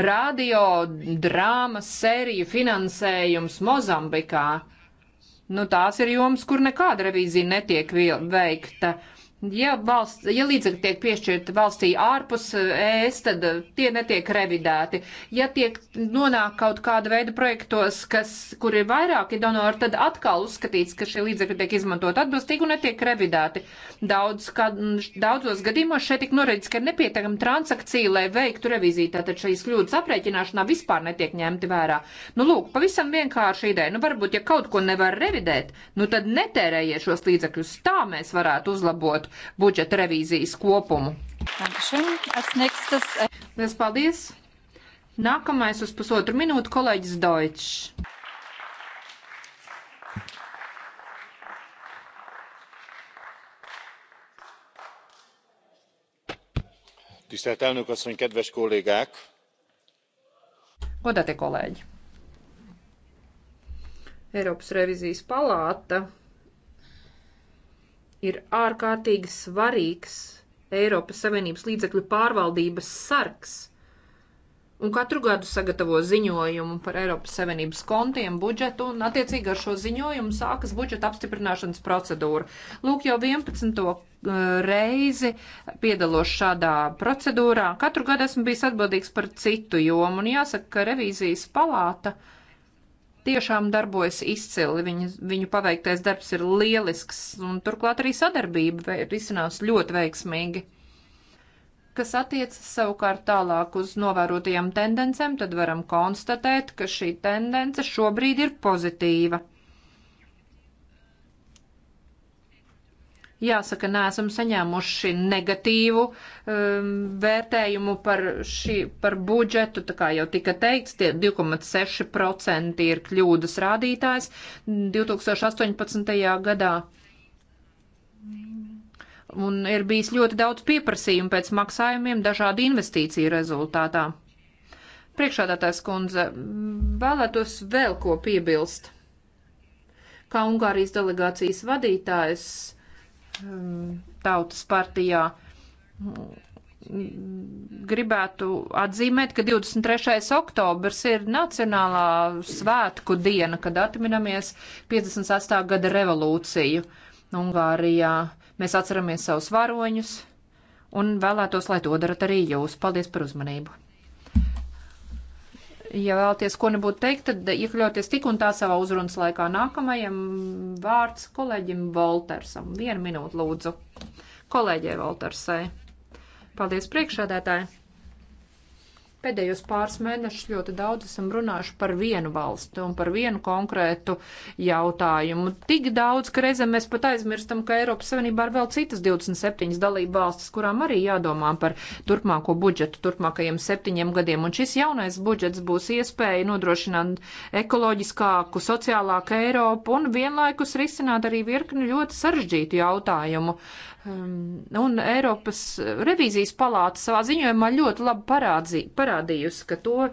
radio drāmas sēriju finansējums Mozambikā. Nu, tās ir jomas, kur nekāda revīzija netiek veikta. Uh, Ja, valsts, ja līdzekļi tiek piešķirti valstī ārpus eh, ES, tad eh, tie netiek revidēti. Ja tiek nonāk kaut kāda veida projektos, kas, kur ir vairāki donori, tad atkal uzskatīts, ka šie līdzekļi tiek izmantot atbilstīgi un netiek revidēti. Daudz, kā, daudzos gadījumos šeit tik norēdz, ka ir nepietiekama transakcija, lai veiktu reviziju, tātad šīs kļūdas aprēķināšanā vispār netiek ņemti vērā. Nu, lūk, pavisam vienkārši ideja. Nu, varbūt, ja kaut ko nevar revidēt, nu tad netērējiet šos līdzekļus. Tā mēs varētu uzlabot budžeta revīzijas kopumu. Äh, Lielas paldies! Nākamais uz pusotru minūtu kolēģis Deutsch. tisztelt elnök asszony kedves kollégák godātie kolēģi! Eiropas revizijas palāta ir ārkārtīgi svarīgs Eiropas Savienības līdzekļu pārvaldības sargs. Un katru gadu sagatavo ziņojumu par Eiropas Savienības kontiem, budžetu, un attiecīgi ar šo ziņojumu sākas budžeta apstiprināšanas procedūra. Lūk, jau 11. Uh, reizi piedalos šādā procedūrā. Katru gadu esmu bijis atbildīgs par citu jomu, un jāsaka, ka revīzijas palāta uh, tiešām darbojas izcili. Viņu, viņu paveiktais darbs ir lielisks, un turklāt arī sadarbība risinās ļoti veiksmīgi. Kas attiecas savukārt tālāk uz novērotajām tendencēm, tad varam konstatēt, ka šī tendence šobrīd ir pozitīva. Jāsaka, neesam saņēmuši negatīvu um, vērtējumu par, šī, par budžetu, tā kā jau tika teikts, tie 2,6% ir kļūdas rādītājs 2018. gadā un ir bijis ļoti daudz pieprasījumu pēc maksājumiem dažādu investīciju rezultātā. Priekšādātājs kundze, vēlētos vēl ko piebilst. Kā Ungārijas delegācijas vadītājs, tautas partijā gribētu atzīmēt, ka 23. oktobrs ir Nacionālā svētku diena, kad atminamies 58. gada revolūciju Ungārijā. Mēs atceramies savus varoņus un vēlētos, lai to darat arī jūs. Paldies par uzmanību! ja vēlaties ko nebūtu teikt, tad iekļauties tik un tā savā uzrunas laikā. Nākamajam vārds kolēģim Voltersam. Vienu minūtu lūdzu. Kolēģei Voltersai. Paldies priekšādētāji. Pēdējos pāris mēnešus ļoti daudz esam runājuši par vienu valstu un par vienu konkrētu jautājumu. Tik daudz, ka reizēm mēs pat aizmirstam, ka Eiropas Savienībā ir vēl citas 27 dalība valstis, kurām arī jādomā par turpmāko budžetu turpmākajiem septiņiem gadiem. Un šis jaunais budžets būs iespēja nodrošināt ekoloģiskāku, sociālāku Eiropu un vienlaikus risināt arī virkni ļoti sarežģītu jautājumu. Uh, Um, un Eiropas revīzijas palāta savā ziņojumā ļoti labi parādzi, parādījusi, ka to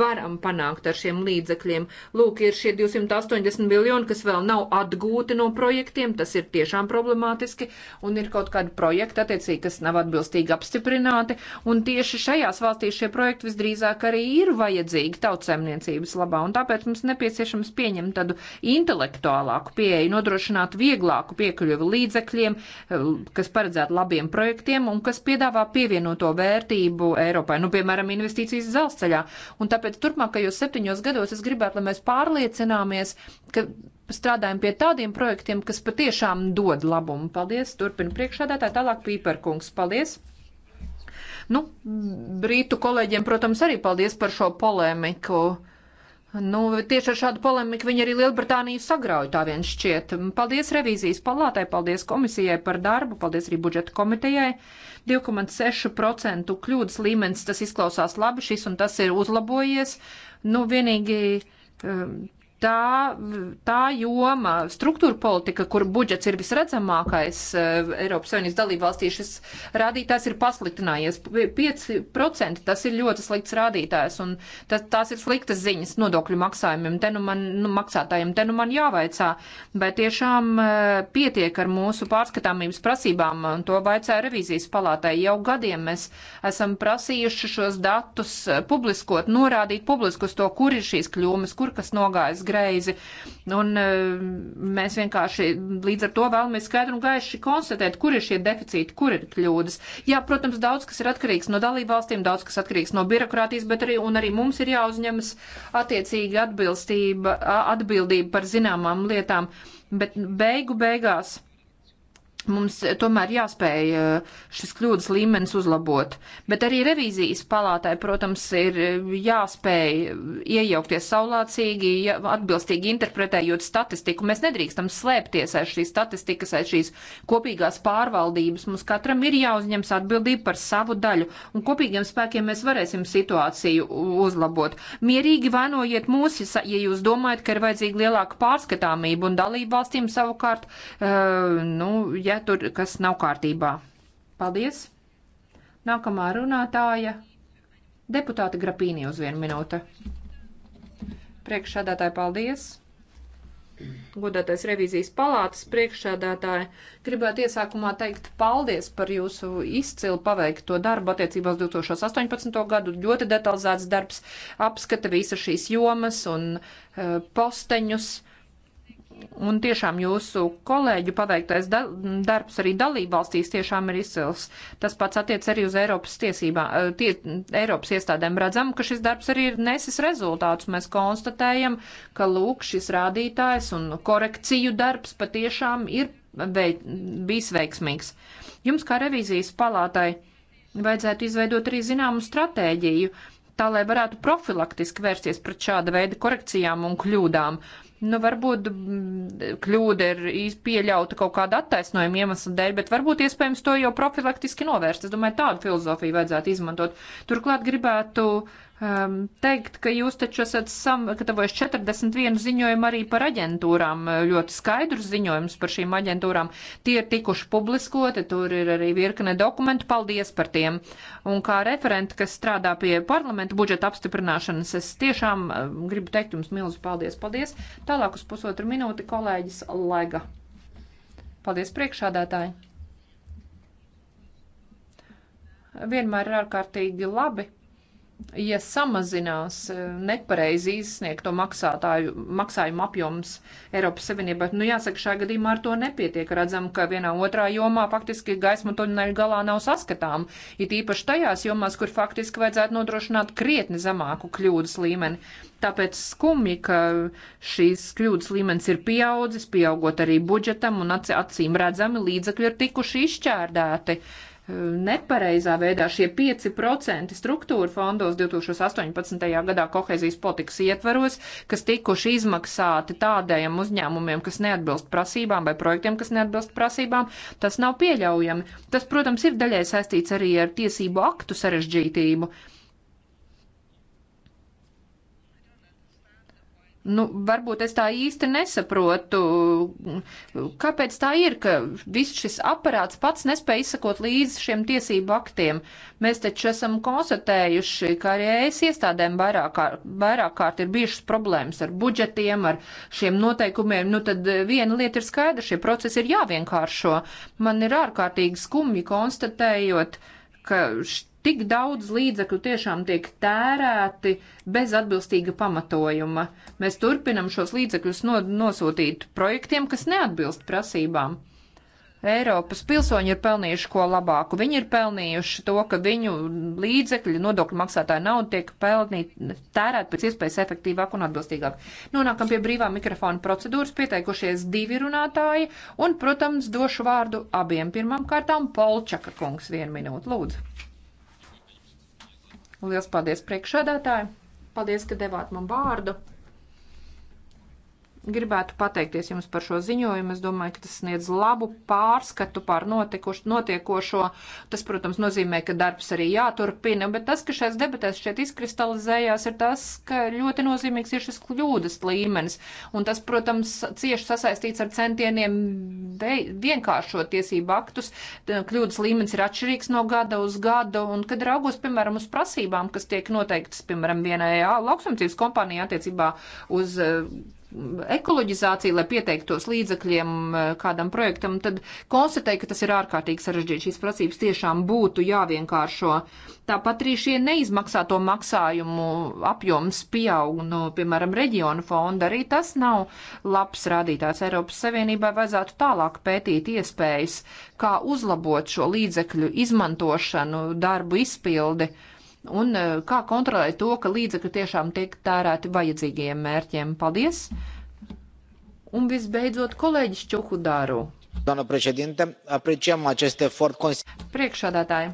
varam panākt ar šiem līdzekļiem. Lūk, ir šie 280 miljoni, kas vēl nav atgūti no projektiem, tas ir tiešām problemātiski, un ir kaut kādi projekti, attiecīgi, kas nav atbilstīgi apstiprināti, un tieši šajās valstīs šie projekti visdrīzāk arī ir vajadzīgi tautsēmniecības labā, un tāpēc mums nepieciešams pieņemt tādu intelektuālāku pieeju, nodrošināt vieglāku piekļuvi līdzekļiem, kas paredzēta labiem projektiem un kas piedāvā pievienoto vērtību Eiropai, nu, piemēram, investīcijas dzelzceļā. Un tāpēc turpmākajos septiņos gados es gribētu, lai mēs pārliecināmies, ka strādājam pie tādiem projektiem, kas patiešām dod labumu. Paldies, turpina priekšādātāji, tālāk Pīperkungs. Paldies! Nu, brītu kolēģiem, protams, arī paldies par šo polēmiku. Uh, Nu, tieši ar šādu polemiku viņi arī Lielbritāniju sagrauj, tā viens šķiet. Paldies revīzijas palātai, paldies komisijai par darbu, paldies arī budžeta komitejai. 2,6% kļūdas līmenis, tas izklausās labi, šis un tas ir uzlabojies. Nu, vienīgi um, tā, tā joma, struktūra politika, kur budžets ir visredzamākais eh, Eiropas Savienības dalībvalstīs, šis rādītājs ir pasliktinājies. 5% tas ir ļoti slikts rādītājs, un tas, tās ir sliktas ziņas nodokļu maksājumiem, te nu man, nu, maksātājiem, te nu man jāvaicā, vai tiešām eh, pietiek ar mūsu pārskatāmības prasībām, un to vaicāja revīzijas palātai. Jau gadiem mēs esam prasījuši šos datus eh, publiskot, norādīt publiskus to, kur ir šīs kļūmes, kur kas nogājas greizi. Un eh, mēs vienkārši līdz ar to vēlamies skaidru un gaiši konstatēt, kur ir šie deficīti, kur ir kļūdas. Jā, protams, daudz kas ir atkarīgs no dalībvalstīm, daudz kas atkarīgs no birokrātijas, bet arī, arī mums ir jāuzņemas attiecīgi atbildība par zināmām lietām. Bet beigu beigās Mums tomēr jāspēj eh, šis kļūdas līmenis uzlabot. Bet arī revīzijas palātai, protams, ir eh, jāspēj eh, iejaukties saulācīgi, atbilstīgi interpretējot statistiku. Mēs nedrīkstam slēpties aiz šīs statistikas, aiz šīs kopīgās pārvaldības. Mums katram ir jāuzņems atbildība par savu daļu, un kopīgiem spēkiem mēs varēsim situāciju uzlabot. Mierīgi vainojiet mūs, ja jūs domājat, ka ir vajadzīga lielāka pārskatāmība, un dalību valstīm savukārt, uh, nu, ja ja tur kas nav kārtībā. Paldies! Nākamā runātāja - deputāte Grapīnī uz vienu minūte. Priekšsādātāji, paldies! Godātais revīzijas palātas priekšsēdētāji, gribētu iesākumā teikt paldies par jūsu izcilu paveikto darbu attiecībā uz 2018. gadu. Ļoti detalizēts darbs apskata visas šīs jomas un uh, posteņus. Uh, Un tiešām jūsu kolēģu paveiktais da darbs arī dalībvalstīs tiešām ir izcils. Tas pats attiec arī uz Eiropas tiesībā, eh, tie, Eiropas iestādēm. Redzam, ka šis darbs arī ir nesis rezultātus. Mēs konstatējam, ka lūk, šis rādītājs un korekciju darbs patiešām ir veid, bijis veiksmīgs. Jums kā revīzijas palātai vajadzētu izveidot arī zināmu stratēģiju, tā lai varētu profilaktiski vērsties pret šāda veida korekcijām un kļūdām. Uh, Nu, varbūt mm, kļūda ir pieļauta kaut kāda attaisnojuma iemesla dēļ, bet varbūt iespējams to jau profilaktiski novērst. Es domāju, tādu filozofiju vajadzētu izmantot. Turklāt gribētu um, teikt, ka jūs taču esat sagatavojis 41 ziņojumu arī par aģentūrām, ļoti skaidrus ziņojumus par šīm aģentūrām. Tie ir tikuši publiskoti, tur ir arī virkne dokumentu, paldies par tiem. Un kā referenti, kas strādā pie parlamenta budžeta apstiprināšanas, es tiešām um, gribu teikt jums milzu paldies, paldies. Tālāk uz pusotru minūti kolēģis Lega. Paldies priekšādātāji! vienmēr ir ārkārtīgi labi, ja samazinās eh, nepareizi izsniegto maksātāju, maksājumu apjoms Eiropas Savienībā. Nu, jāsaka, šajā gadījumā ar to nepietiek. Redzam, ka vienā otrā jomā faktiski gaisma tuneļu galā nav saskatām. It īpaši tajās jomās, kur faktiski vajadzētu nodrošināt krietni zemāku kļūdas līmeni. Tāpēc skumji, ka šīs kļūdas līmenis ir pieaudzis, pieaugot arī budžetam un acīm redzami līdzekļi ir tikuši izšķērdēti nepareizā veidā šie 5% struktūra fondos 2018. gadā kohēzijas politikas ietvaros, kas tikuši izmaksāti tādējiem uzņēmumiem, kas neatbilst prasībām vai projektiem, kas neatbilst prasībām, tas nav pieļaujami. Tas, protams, ir daļai saistīts arī ar tiesību aktu sarežģītību Nu, varbūt es tā īsti nesaprotu, kāpēc tā ir, ka viss šis aparāts pats nespēja izsakot līdz šiem tiesību aktiem. Mēs taču esam konstatējuši, ka arī es iestādēm vairāk, kā, vairāk kārt ir bijušas problēmas ar budžetiem, ar šiem noteikumiem. Nu, tad viena lieta ir skaidra, šie procesi ir jāvienkāršo. Man ir ārkārtīgi skumji konstatējot, ka. Št, Tik daudz līdzekļu tiešām tiek tērēti bez atbilstīga pamatojuma. Mēs turpinam šos līdzekļus no, nosūtīt projektiem, kas neatbilst prasībām. Eiropas pilsoņi ir pelnījuši ko labāku. Viņi ir pelnījuši to, ka viņu līdzekļi, nodokļu maksātāja nauda tiek pelnīt, tērēt pēc iespējas efektīvāk un atbilstīgāk. Nonākam pie brīvā mikrofona procedūras, pieteikušies divi runātāji un, protams, došu vārdu abiem. Pirmām kārtām Polčaka kungs vienu minūtu, lūdzu. Lielas paldies priekšādātāji! Paldies, ka devāt man vārdu! Gribētu pateikties jums par šo ziņojumu. Es domāju, ka tas sniedz labu pārskatu par notiekošo. Tas, protams, nozīmē, ka darbs arī jāturpina, bet tas, ka šais debatēs šeit izkristalizējās, ir tas, ka ļoti nozīmīgs ir šis kļūdas līmenis. Un tas, protams, cieši sasaistīts ar centieniem vienkāršo tiesību aktus. Kļūdas līmenis ir atšķirīgs no gada uz gadu. Un, kad raugos, piemēram, uz prasībām, kas tiek noteiktas, piemēram, vienai lauksamcības kompānijai attiecībā uz ekoloģizāciju, lai pieteiktos līdzekļiem eh, kādam projektam, tad konstatēju, ka tas ir ārkārtīgi sarežģīti. Šīs prasības tiešām būtu jāvienkāršo. Tāpat arī šie neizmaksāto maksājumu apjoms pieaug, no, nu, piemēram, reģionu fonda. Arī tas nav labs rādītājs. Eiropas Savienībai vajadzētu tālāk pētīt iespējas, kā uzlabot šo līdzekļu izmantošanu, darbu izpildi. Uh, un eh, kā kontrolēt to, ka līdzekļi tiešām tiek tērēti vajadzīgiem mērķiem. Paldies! Un visbeidzot, kolēģis Čuhudāru. Doamnă președintă, apreciem acest efort. Priekšādātāji,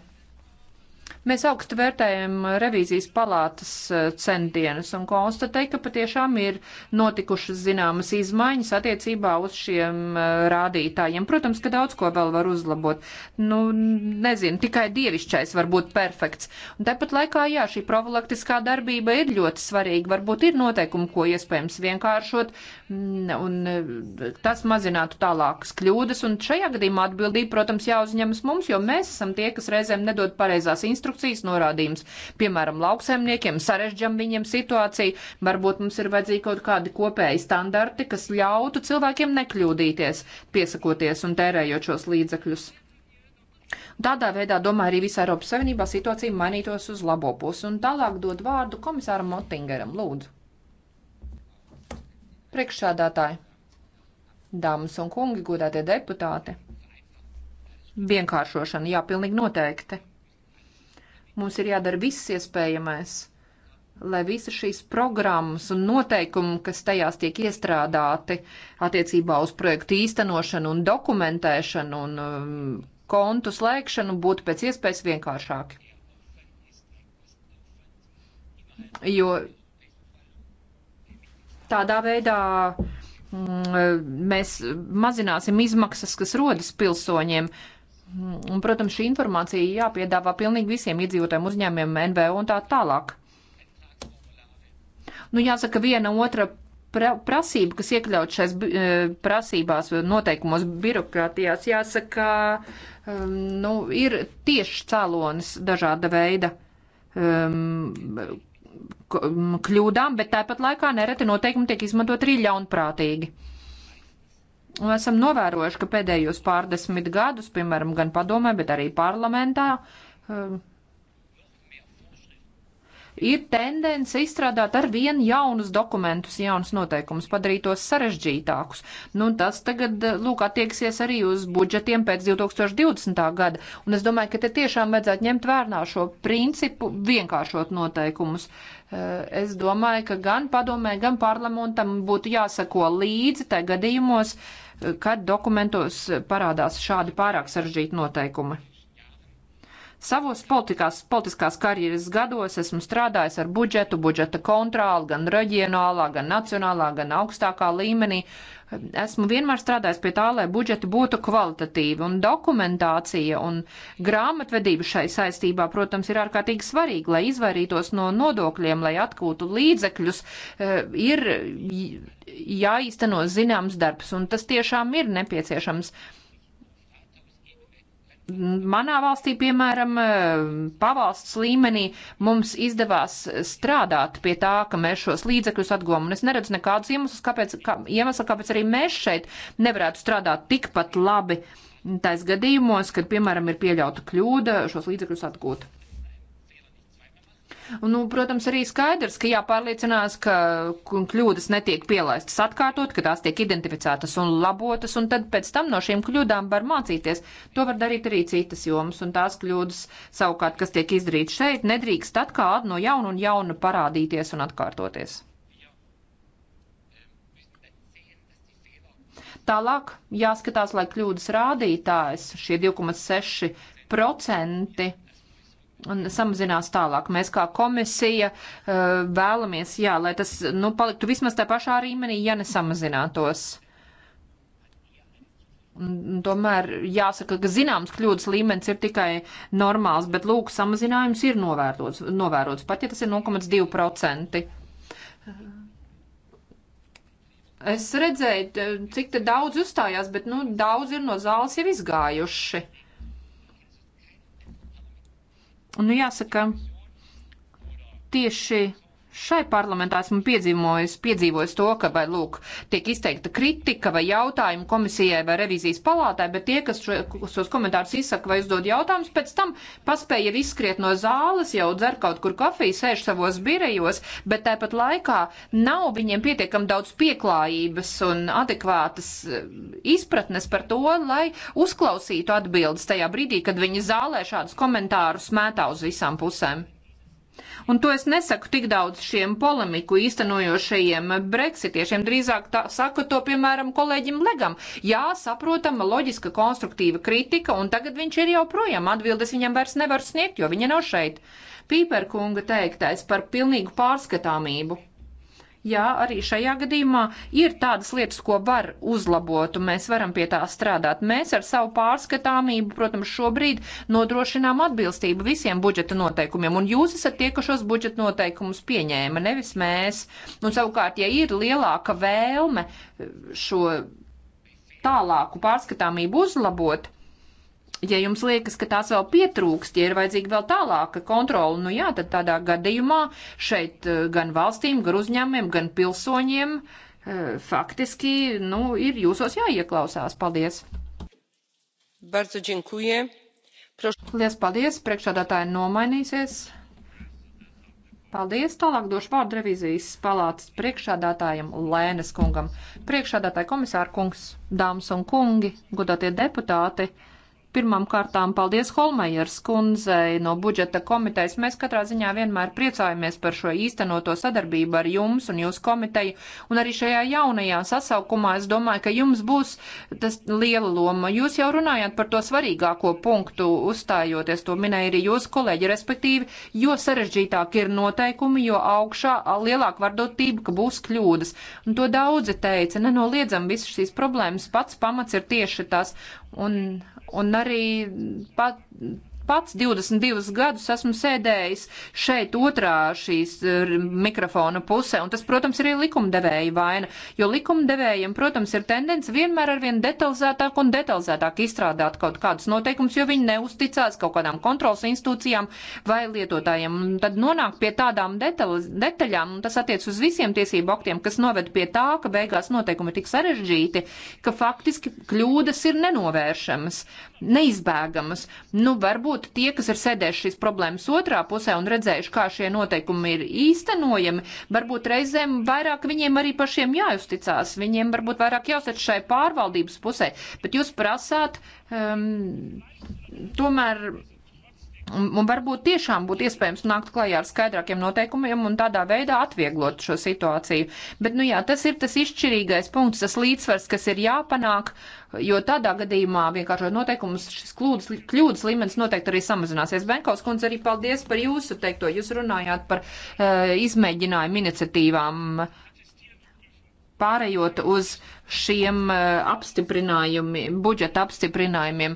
Mēs augstu vērtējam revīzijas palātas eh, centienus un konstatēju, ka patiešām ir notikušas zināmas izmaiņas attiecībā uz šiem eh, rādītājiem. Protams, ka daudz ko vēl var uzlabot. Nu, nezinu, tikai dievišķais var būt perfekts. Un tāpat laikā, jā, šī profilaktiskā darbība ir ļoti svarīga. Varbūt ir noteikumi, ko iespējams vienkāršot, mm, un eh, tas mazinātu tālākas kļūdas. Un šajā gadījumā atbildība, protams, jāuzņemas mums, jo mēs esam tie, kas reizēm nedod pareizās instrukcijas instrukcijas norādījums. Piemēram, lauksaimniekiem sarežģam viņiem situāciju, varbūt mums ir vajadzīgi kaut kādi kopēji standarti, kas ļautu cilvēkiem nekļūdīties, piesakoties un tērējot šos līdzekļus. Tādā veidā, domāju, arī visā Eiropas Savienībā situācija mainītos uz labo pusi. Un tālāk dod vārdu komisāram Motingeram, lūdzu. Priekšsādātāji, dāmas un kungi, godātie deputāti. Vienkāršošana, jā, pilnīgi noteikti. Mums ir jādara viss iespējamais, lai visas šīs programmas un noteikumi, kas tajās tiek iestrādāti attiecībā uz projektu īstenošanu un dokumentēšanu un um, kontu slēgšanu, būtu pēc iespējas vienkāršāki. Jo tādā veidā mm, mēs mazināsim izmaksas, kas rodas pilsoņiem. Mm, un, protams, šī informācija jāpiedāvā pilnīgi visiem iedzīvotājiem, uzņēmiem, NVO un tā tālāk. Nu, jāsaka, viena otra pra prasība, kas iekļaut šais e, prasībās, noteikumos, birokrātijās, jāsaka, um, nu, ir tieši cēlonis dažāda veida um, kļūdām, bet tāpat laikā nereti noteikumi tiek izmantot arī ļaunprātīgi esam novērojuši, ka pēdējos pārdesmit gadus, piemēram, gan padomē, bet arī parlamentā, um, ir tendence izstrādāt ar vien jaunus dokumentus, jaunus noteikumus, padarīt tos sarežģītākus. Nu, tas tagad, eh, lūk, attieksies arī uz budžetiem pēc 2020. gada, un es domāju, ka te tiešām vajadzētu ņemt vērnā šo principu vienkāršot noteikumus. Uh, Eh, es domāju, ka gan padomē, gan parlamentam būtu jāsako līdzi tajā gadījumos, eh, kad dokumentos parādās šādi pārāk sarežģīti noteikumi. Savos politikās, politiskās karjeras gados esmu strādājis ar budžetu, budžeta kontroli gan reģionālā, gan nacionālā, gan augstākā līmenī, esmu vienmēr strādājis pie tā, lai budžeti būtu kvalitatīvi, un dokumentācija un grāmatvedība šai saistībā, protams, ir ārkārtīgi svarīga, lai izvairītos no nodokļiem, lai atgūtu līdzekļus, e, ir jāīsteno zināms darbs, un tas tiešām ir nepieciešams. Manā valstī, piemēram, eh, pavalsts līmenī mums izdevās strādāt pie tā, ka mēs šos līdzekļus atgūmam. Un es neredzu nekādus iemeslus, kāpēc, kā, iemeslu, kāpēc arī mēs šeit nevarētu strādāt tikpat labi. Tais gadījumos, kad, piemēram, ir pieļauta kļūda, šos līdzekļus atgūt. Nu, protams, arī skaidrs, ka jāpārliecinās, ka kļūdas netiek pielaistas atkārtot, ka tās tiek identificētas un labotas, un tad pēc tam no šīm kļūdām var mācīties. To var darīt arī citas jomas, un tās kļūdas savukārt, kas tiek izdarītas šeit, nedrīkst atkal no jauna un jauna parādīties un atkārtoties. Tālāk jāskatās, lai kļūdas rādītājs šie 2,6% un samazinās tālāk. Mēs kā komisija eh, vēlamies, jā, lai tas nu, paliktu vismaz tā pašā līmenī, ja nesamazinātos. Tomēr jāsaka, ka zināms kļūdas līmenis ir tikai normāls, bet lūk, samazinājums ir novērots, novērots pat ja tas ir 0,2%. Es redzēju, cik te daudz uzstājās, bet, nu, daudz ir no zāles jau izgājuši. Un nu jāsaka, tieši Šai parlamentā esmu piedzīvojis, piedzīvojis to, ka vai lūk, tiek izteikta kritika vai jautājumi komisijai vai revizijas palātai, bet tie, kas šo, šos komentārus izsaka vai uzdod jautājumus, pēc tam paspēja jau izskriet no zāles, jau dzer kaut kur kafiju, sēž savos birejos, bet tāpat laikā nav viņiem pietiekam daudz pieklājības un adekvātas eh, izpratnes par to, lai uzklausītu atbildes tajā brīdī, kad viņi zālē šādus komentārus mētā uz visām pusēm. Un to es nesaku tik daudz šiem polemiku īstenojošajiem breksitiešiem, drīzāk tā, saku to, piemēram, kolēģim Legam. Jā, saprotama, loģiska, konstruktīva kritika, un tagad viņš ir jau projām. Atbildes viņam vairs nevar sniegt, jo viņa nav šeit. Pīperkunga teiktais par pilnīgu pārskatāmību Jā, arī šajā gadījumā ir tādas lietas, ko var uzlabot, un mēs varam pie tā strādāt. Mēs ar savu pārskatāmību, protams, šobrīd nodrošinām atbilstību visiem budžeta noteikumiem, un jūs esat tie, kas šos budžeta noteikumus pieņēma, nevis mēs. Un savukārt, ja ir lielāka vēlme šo tālāku pārskatāmību uzlabot, ja jums liekas, ka tās vēl pietrūkst, ja ir vajadzīga vēl tālāka kontrola, nu jā, tad tādā gadījumā šeit eh, gan valstīm, gan uzņēmumiem, gan pilsoņiem eh, faktiski, nu, ir jūsos jāieklausās. Paldies! Bardzo dziękuję. Prošu... Lies paldies, priekšādātāji nomainīsies. Paldies, tālāk došu vārdu revizijas palātas priekšādātājiem Lēnes kungam. Priekšādātāji komisāra kungs, dāmas un kungi, godātie deputāti. Pirmām kārtām paldies Holmajers kundzei no budžeta komitejas. Mēs katrā ziņā vienmēr priecājamies par šo īstenoto sadarbību ar jums un jūsu komiteju. Un arī šajā jaunajā sasaukumā es domāju, ka jums būs tas liela loma. Jūs jau runājāt par to svarīgāko punktu uzstājoties, to minēja arī jūsu kolēģi, respektīvi, jo sarežģītāk ir noteikumi, jo augšā lielāk vardotība, ka būs kļūdas. Un to daudzi teica, nenoliedzam visas šīs problēmas, pats pamats ir tieši tas un, un arī pat pats 22 gadus esmu sēdējis šeit otrā šīs eh, mikrofona pusē, un tas, protams, ir arī likumdevēja vaina, jo likumdevējiem, protams, ir tendence vienmēr arvien detalizētāk un detalizētāk izstrādāt kaut kādus noteikumus, jo viņi neusticās kaut kādām kontrols institūcijām vai lietotājiem. Un tad nonāk pie tādām detaļ, detaļām, un tas attiec uz visiem tiesību aktiem, kas noved pie tā, ka beigās noteikumi ir tik sarežģīti, ka faktiski kļūdas ir nenovēršamas neizbēgamas. Nu, varbūt tie, kas ir sēdējuši šīs problēmas otrā pusē un redzējuši, kā šie noteikumi ir īstenojami, varbūt reizēm vairāk viņiem arī pašiem jāuzticās, viņiem varbūt vairāk jāuztic šai pārvaldības pusē, bet jūs prasāt um, tomēr Un, un varbūt tiešām būtu iespējams nākt klajā ar skaidrākiem noteikumiem un tādā veidā atvieglot šo situāciju. Bet, nu jā, tas ir tas izšķirīgais punkts, tas līdzsvars, kas ir jāpanāk, jo tādā gadījumā vienkārši noteikumus šis kļūdas, kļūdas līmenis noteikti arī samazināsies. Benkaus kundze, arī paldies par jūsu teikto. Jūs runājāt par uh, izmēģinājumu iniciatīvām pārējot uz šiem eh, apstiprinājumiem, budžeta apstiprinājumiem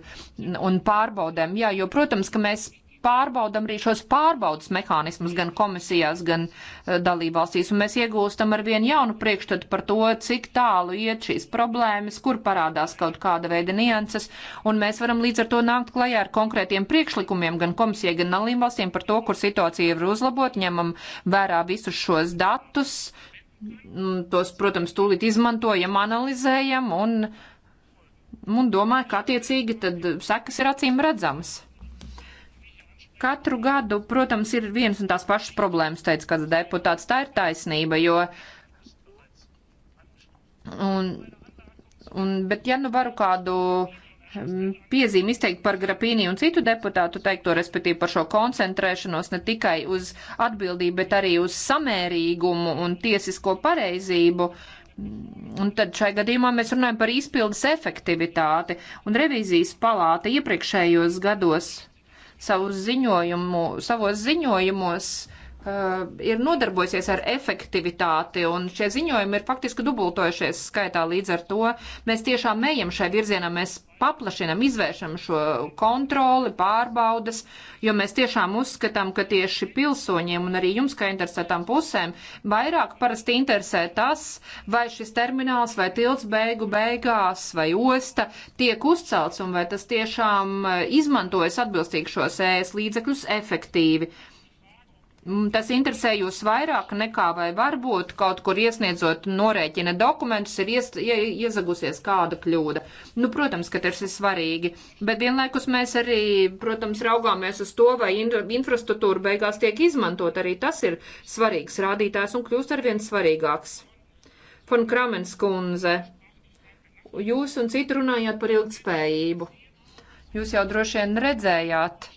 un pārbaudēm. Jā, jo, protams, ka mēs pārbaudam arī šos pārbaudas mehānismus gan komisijās, gan uh, dalībvalstīs, un mēs iegūstam ar vienu jaunu priekšstatu par to, cik tālu iet šīs problēmas, kur parādās kaut kāda veida nianses, un mēs varam līdz ar to nākt klajā ar konkrētiem priekšlikumiem gan komisijai, gan dalībvalstīm par to, kur situācija ir uzlabot, ņemam vērā visus šos datus, mm, tos, protams, tūlīt izmantojam, analizējam un, un domāju, ka attiecīgi tad sekas ir acīm redzamas. Katru gadu, protams, ir viens un tās pašas problēmas, teica kāds deputāts. Tā ir taisnība, jo. Un, un, bet ja nu varu kādu hm, piezīmi izteikt par Grapīnī un citu deputātu teikto, respektīvi par šo koncentrēšanos ne tikai uz atbildību, bet arī uz samērīgumu un tiesisko pareizību. Un tad šai gadījumā mēs runājam par izpildes efektivitāti, un revīzijas palāta iepriekšējos gados savus ziņojumu, savos ziņojumos uh, Eh, ir nodarbojusies ar efektivitāti, un šie ziņojumi ir faktiski dubultojušies skaitā līdz ar to. Mēs tiešām ejam šai virzienā, mēs paplašinam, izvēršam šo kontroli, pārbaudas, jo mēs tiešām uzskatām, ka tieši pilsoņiem un arī jums, kā interesētām pusēm, vairāk parasti interesē tas, vai šis termināls vai tilts beigu beigās vai osta tiek uzcelts un vai tas tiešām eh, izmantojas atbilstīgi šos ēs līdzekļus efektīvi. Mm, tas interesē jūs vairāk nekā vai varbūt kaut kur iesniedzot norēķina dokumentus ir ies, ie, iezagusies kāda kļūda. Nu, protams, ka tas ir svarīgi, bet vienlaikus mēs arī, protams, raugāmies uz to, vai in, infrastruktūra beigās tiek izmantot. Arī tas ir svarīgs rādītājs un kļūst arvien svarīgāks. Fon Kramens kundze, jūs un citu runājāt par ilgspējību. Jūs jau droši vien redzējāt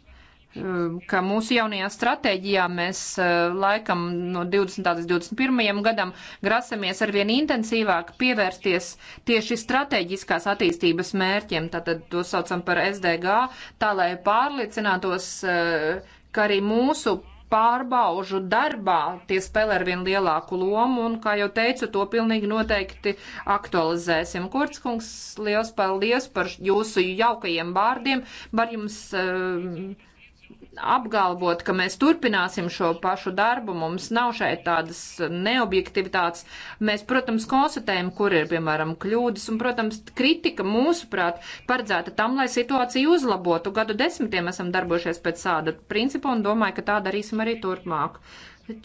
Um, ka mūsu jaunajā stratēģijā mēs uh, laikam no 20. līdz 21. gadam grasamies arvien intensīvāk pievērsties tieši strateģiskās attīstības mērķiem, tātad to saucam par SDG, tā lai pārliecinātos, uh, ka arī mūsu pārbaužu darbā tie spēlē ar vien lielāku lomu, un, kā jau teicu, to pilnīgi noteikti aktualizēsim. Kurtskungs, liels paldies par jūsu jaukajiem vārdiem. Var jums uh, apgalvot, ka mēs turpināsim šo pašu darbu, mums nav šeit tādas neobjektivitātes. Mēs, protams, konstatējam, kur ir, piemēram, kļūdas, un, protams, kritika mūsuprāt paredzēta tam, lai situāciju uzlabotu. Gadu desmitiem esam darbojušies pēc tāda principa un domāju, ka tā darīsim arī turpmāk.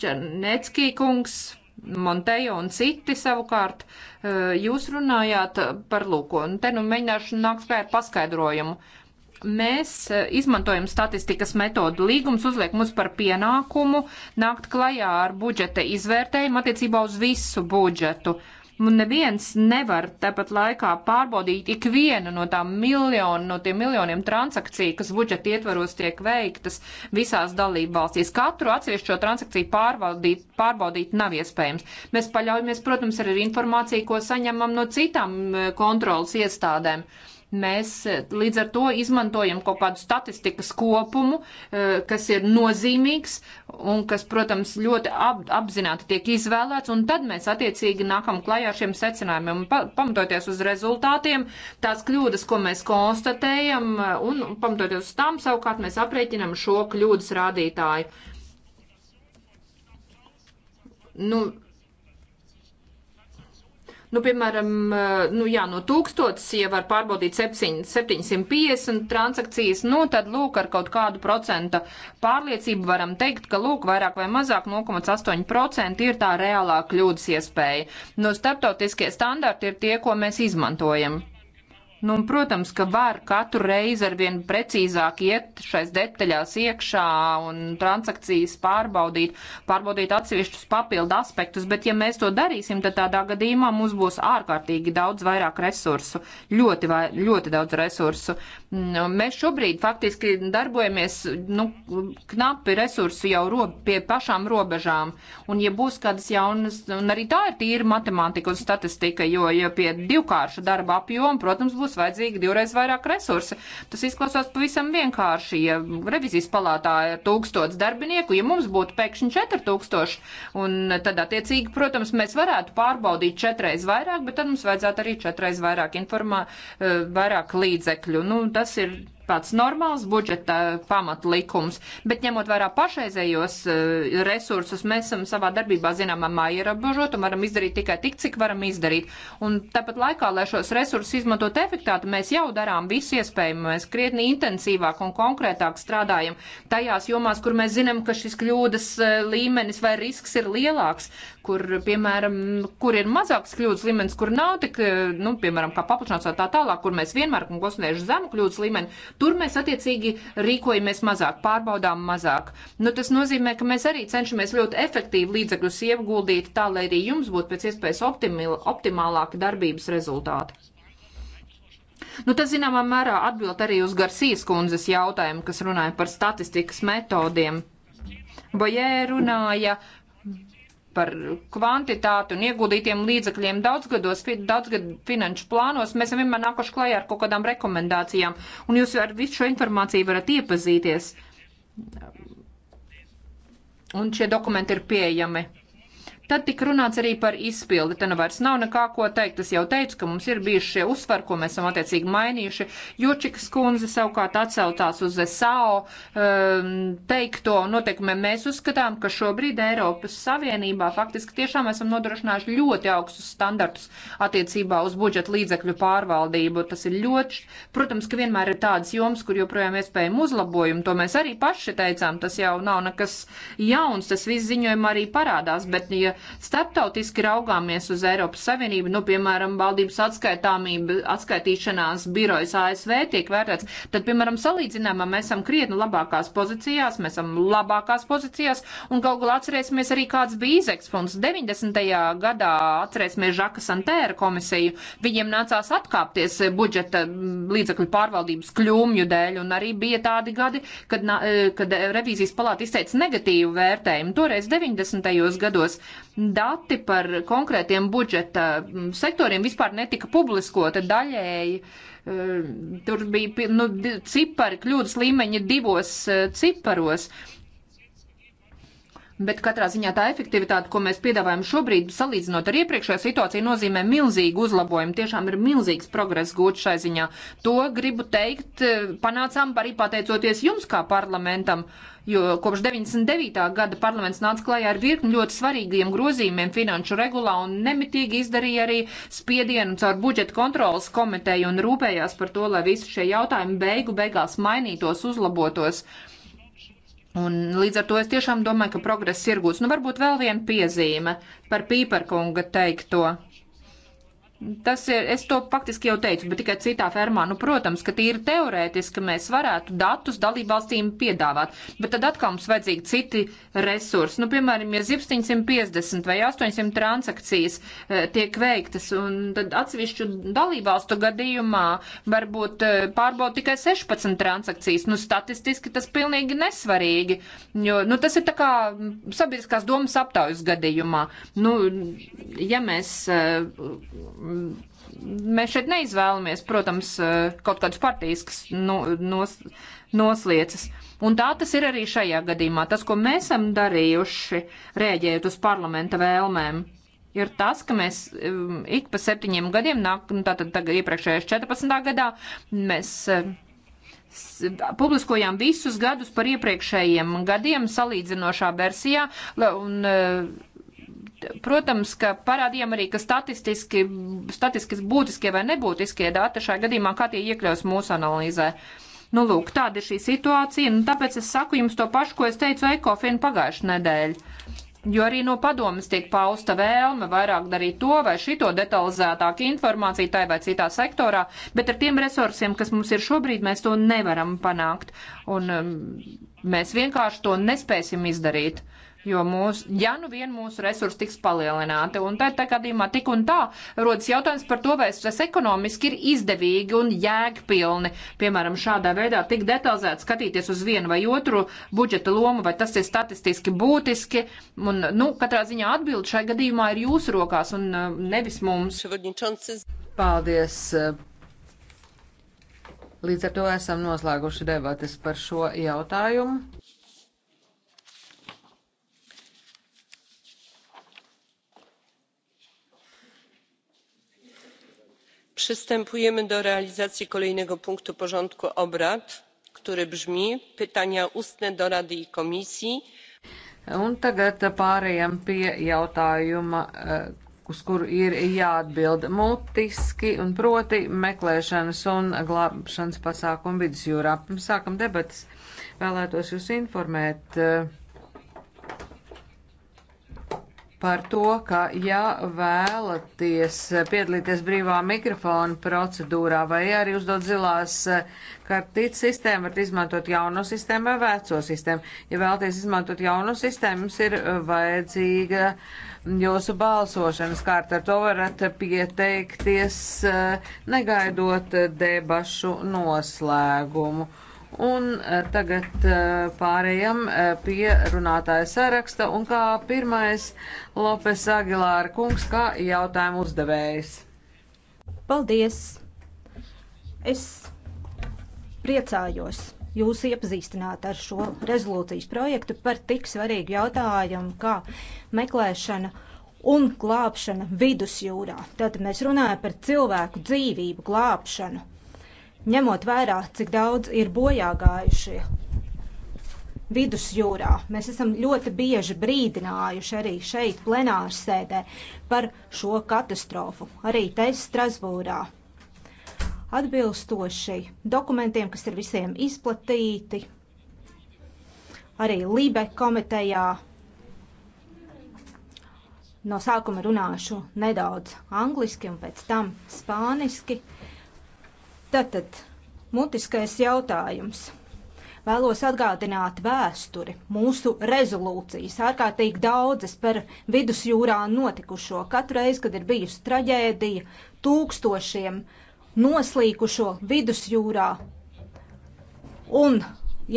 Černecki kungs, Montejo un citi savukārt, eh, jūs runājāt par lūko, un te nu mēģināšu nākt spēju paskaidrojumu. Uh, Mēs e, izmantojam statistikas metodu. Līgums uzliek mums par pienākumu nākt klajā ar budžeta izvērtējumu attiecībā uz visu budžetu. Un neviens nevar tāpat laikā pārbaudīt ikvienu no tām miljonu, no tiem miljoniem transakciju, kas budžeta ietvaros tiek veiktas visās dalību valstīs. Katru atsevišķo transakciju pārbaudīt, pārbaudīt nav iespējams. Mēs paļaujamies, protams, arī ar informāciju, ko saņemam no citām e, kontrolas iestādēm. Uh, Mēs eh, līdz ar to izmantojam kaut kādu statistikas kopumu, eh, kas ir nozīmīgs un kas, protams, ļoti ap, apzināti tiek izvēlēts, un tad mēs attiecīgi nākam klajā šiem secinājumiem, pa, pamatoties uz rezultātiem, tās kļūdas, ko mēs konstatējam, eh, un pamatoties uz tām savukārt mēs aprēķinam šo kļūdas rādītāju. Nu, Nu, piemēram, eh, nu, jā, no tūkstotis jau var pārbaudīt 7, 750 transakcijas, nu, tad, lūk, ar kaut kādu procentu pārliecību varam teikt, ka, lūk, vairāk vai mazāk 0,8% ir tā reālā kļūdas iespēja. Nu, starptautiskie standarti ir tie, ko mēs izmantojam. Nu, un, protams, ka var katru reizi ar vien precīzāk iet šais detaļās iekšā un transakcijas pārbaudīt, pārbaudīt atsevišķus papildu aspektus, bet ja mēs to darīsim, tad tādā gadījumā mums būs ārkārtīgi daudz vairāk resursu, ļoti, vai, ļoti daudz resursu. Nu, mēs šobrīd faktiski darbojamies, nu, knapi resursu jau rob, pie pašām robežām, un ja būs kādas jaunas, un arī tā ir tīra matemātika un statistika, jo, jo pie divkārša darba apjoma, protams, būs būs vajadzīgi divreiz vairāk resursi. Tas izklausās pavisam vienkārši. Ja revizijas palātā ir tūkstots darbinieku, ja mums būtu pēkšņi 4000, un tad attiecīgi, protams, mēs varētu pārbaudīt četreiz vairāk, bet tad mums vajadzētu arī četreiz vairāk informā, eh, vairāk līdzekļu. Nu, tas ir pats normāls budžeta pamatlikums, bet ņemot vērā pašreizējos eh, resursus, mēs esam savā darbībā zināmā māja ierobežot un varam izdarīt tikai tik, cik varam izdarīt. Un tāpat laikā, lai šos resursus izmantot efektāti, mēs jau darām visu iespējamo, mēs krietni intensīvāk un konkrētāk strādājam tajās jomās, kur mēs zinām, ka šis kļūdas eh, līmenis vai risks ir lielāks, kur, piemēram, kur ir mazāks kļūdas līmenis, kur nav tik, eh, nu, piemēram, kā paplašināts tā tālāk, kur mēs vienmēr esam konstatējuši zemu kļūdas līmeni, tur mēs attiecīgi rīkojamies mazāk, pārbaudām mazāk. Nu, tas nozīmē, ka mēs arī cenšamies ļoti efektīvi līdzekļus ieguldīt tā, lai arī jums būtu pēc iespējas optimālāki darbības rezultāti. Nu, tas, zināmā mērā, atbild arī uz Garcijas kundzes jautājumu, kas runāja par statistikas metodiem. Bojē runāja par kvantitāti un ieguldītiem līdzekļiem daudzgados, daudzgad finanšu plānos, mēs esam vienmēr nākuši klajā ar kaut kādām rekomendācijām, un jūs ar visu šo informāciju varat iepazīties. Un šie dokumenti ir pieejami. Tad tika runāts arī par izpildi. Te nu vairs nav nekā ko teikt. Es jau teicu, ka mums ir bijuši šie uzsvari, ko mēs esam attiecīgi mainījuši. Jočikas kundze savukārt atceltās uz SAO um, teikto noteikumiem. Mēs uzskatām, ka šobrīd Eiropas Savienībā faktiski tiešām esam nodrošinājuši ļoti augstus standartus attiecībā uz budžeta līdzekļu pārvaldību. Tas ir ļoti, protams, ka vienmēr ir tādas jomas, kur joprojām iespējami uzlabojumi. To mēs arī paši teicām. Tas jau nav nekas jauns. Tas viss ziņojumā arī parādās. Bet, ja starptautiski raugāmies uz Eiropas Savienību, nu, piemēram, valdības atskaitāmība, atskaitīšanās birojas ASV tiek vērtēts, tad, piemēram, salīdzinājumā mēs esam krietni labākās pozīcijās, mēs esam labākās pozīcijās, un galu galā atcerēsimies arī kāds bija izekspuns. 90. gadā atcerēsimies Žaka Santēra komisiju, viņiem nācās atkāpties budžeta līdzakļu pārvaldības kļūmju dēļ, un arī bija tādi gadi, kad, eh, kad revīzijas palāta izteica negatīvu vērtējumu. Toreiz 90. gados dati par konkrētiem budžeta sektoriem vispār netika publiskota daļēji. E, tur bija nu, cipari, kļūdas līmeņi divos e, ciparos. Bet katrā ziņā tā efektivitāte, ko mēs piedāvājam šobrīd, salīdzinot ar iepriekšējo situāciju, nozīmē milzīgu uzlabojumu. Tiešām ir milzīgs progress gūt šai ziņā. To gribu teikt, e, panācām arī pateicoties jums kā parlamentam. Uh, jo kopš 99. gada parlaments nāca klajā ar virkni ļoti svarīgiem grozījumiem finanšu regulā un nemitīgi izdarīja arī spiedienu caur budžeta kontrolas komiteju un rūpējās par to, lai visi šie jautājumi beigu beigās mainītos, uzlabotos. Un līdz ar to es tiešām domāju, ka progress ir gūts. Nu, varbūt vēl viena piezīme par Pīperkunga teikto. Tas ir, es to faktiski jau teicu, bet tikai citā fermā. Nu, protams, ka tīri teorētiski mēs varētu datus dalībvalstīm piedāvāt, bet tad atkal mums vajadzīgi citi resursi. Nu, piemēram, ja 750 vai 800 transakcijas e, tiek veiktas, un tad atsevišķu dalībvalstu gadījumā varbūt e, pārbaud tikai 16 transakcijas. Nu, statistiski tas pilnīgi nesvarīgi, jo, nu, tas ir tā kā sabiedriskās domas aptaujas gadījumā. Nu, ja mēs, e, mēs šeit neizvēlamies, protams, eh, kaut kādas partijas, kas no, nos, nosliecas. Un tā tas ir arī šajā gadījumā. Tas, ko mēs esam darījuši, rēģējot uz parlamenta vēlmēm, ir tas, ka mēs um, ik pa septiņiem gadiem, nāk, nu, tātad tagad iepriekšējais 14. gadā, mēs eh, publiskojām visus gadus par iepriekšējiem gadiem salīdzinošā versijā. Un, uh, protams, ka parādījām arī, ka statistiski, statistiski būtiskie vai nebūtiskie dati šajā gadījumā, kā tie iekļaus mūsu analīzē. Nu, lūk, tāda ir šī situācija, un nu, tāpēc es saku jums to pašu, ko es teicu Ekofinu pagājušajā nedēļā. Jo arī no padomas tiek pausta vēlme vairāk darīt to vai šito detalizētāk informāciju tai vai citā sektorā, bet ar tiem resursiem, kas mums ir šobrīd, mēs to nevaram panākt, un um, mēs vienkārši to nespēsim izdarīt. Uh, Jo mūs, ja nu vien mūsu resursi tiks palielināti, un tad tā gadījumā tik un tā rodas jautājums par to, vai tas ekonomiski ir izdevīgi un jēgpilni, piemēram, šādā veidā tik detalizēti skatīties uz vienu vai otru budžeta lomu, vai tas ir statistiski būtiski, un, nu, katrā ziņā atbildi šai gadījumā ir jūsu rokās un uh, nevis mums. Paldies! Līdz ar to esam noslēguši debatas par šo jautājumu. przystępujemy do realizacji kolejnego punktu porządku obrad który brzmi pytania ustne do rady i komisji. Un tagad pārējām pie jautājuma, eh, uz kuru ir jāatbild mutiski, un proti meklēšanas un glābšanas pasākumu vidusjūrā. Pirms sākam debatas, vēlētos jūs informēt, eh, par to, ka ja vēlaties piedalīties brīvā mikrofona procedūrā vai arī uzdot zilās kartītes sistēmu, varat izmantot jauno sistēmu vai veco sistēmu. Ja vēlaties izmantot jauno sistēmu, jums ir vajadzīga jūsu balsošanas kārta. Ar to varat pieteikties eh, negaidot debašu noslēgumu. Un eh, tagad eh, pārējām eh, pie runātāja saraksta un kā pirmais Lopes Agilāra kungs kā jautājumu uzdevējs. Paldies! Es priecājos jūs iepazīstināt ar šo rezolūcijas projektu par tik svarīgu jautājumu kā meklēšana un glābšana vidusjūrā. Tātad mēs runājam par cilvēku dzīvību glābšanu ņemot vērā, cik daudz ir bojā gājušie vidusjūrā. Mēs esam ļoti bieži brīdinājuši arī šeit, plenāru sēdē, par šo katastrofu, arī te Strasbūrā. Atbilstoši dokumentiem, kas ir visiem izplatīti, arī Libe komitejā. No sākuma runāšu nedaudz angliski un pēc tam spāniski. Uh, Tātad, mutiskais jautājums. Vēlos atgādināt vēsturi, mūsu rezolūcijas, ārkārtīgi daudzas par vidusjūrā notikušo. Katru reizi, kad ir bijusi traģēdija, tūkstošiem noslīkušo vidusjūrā. Un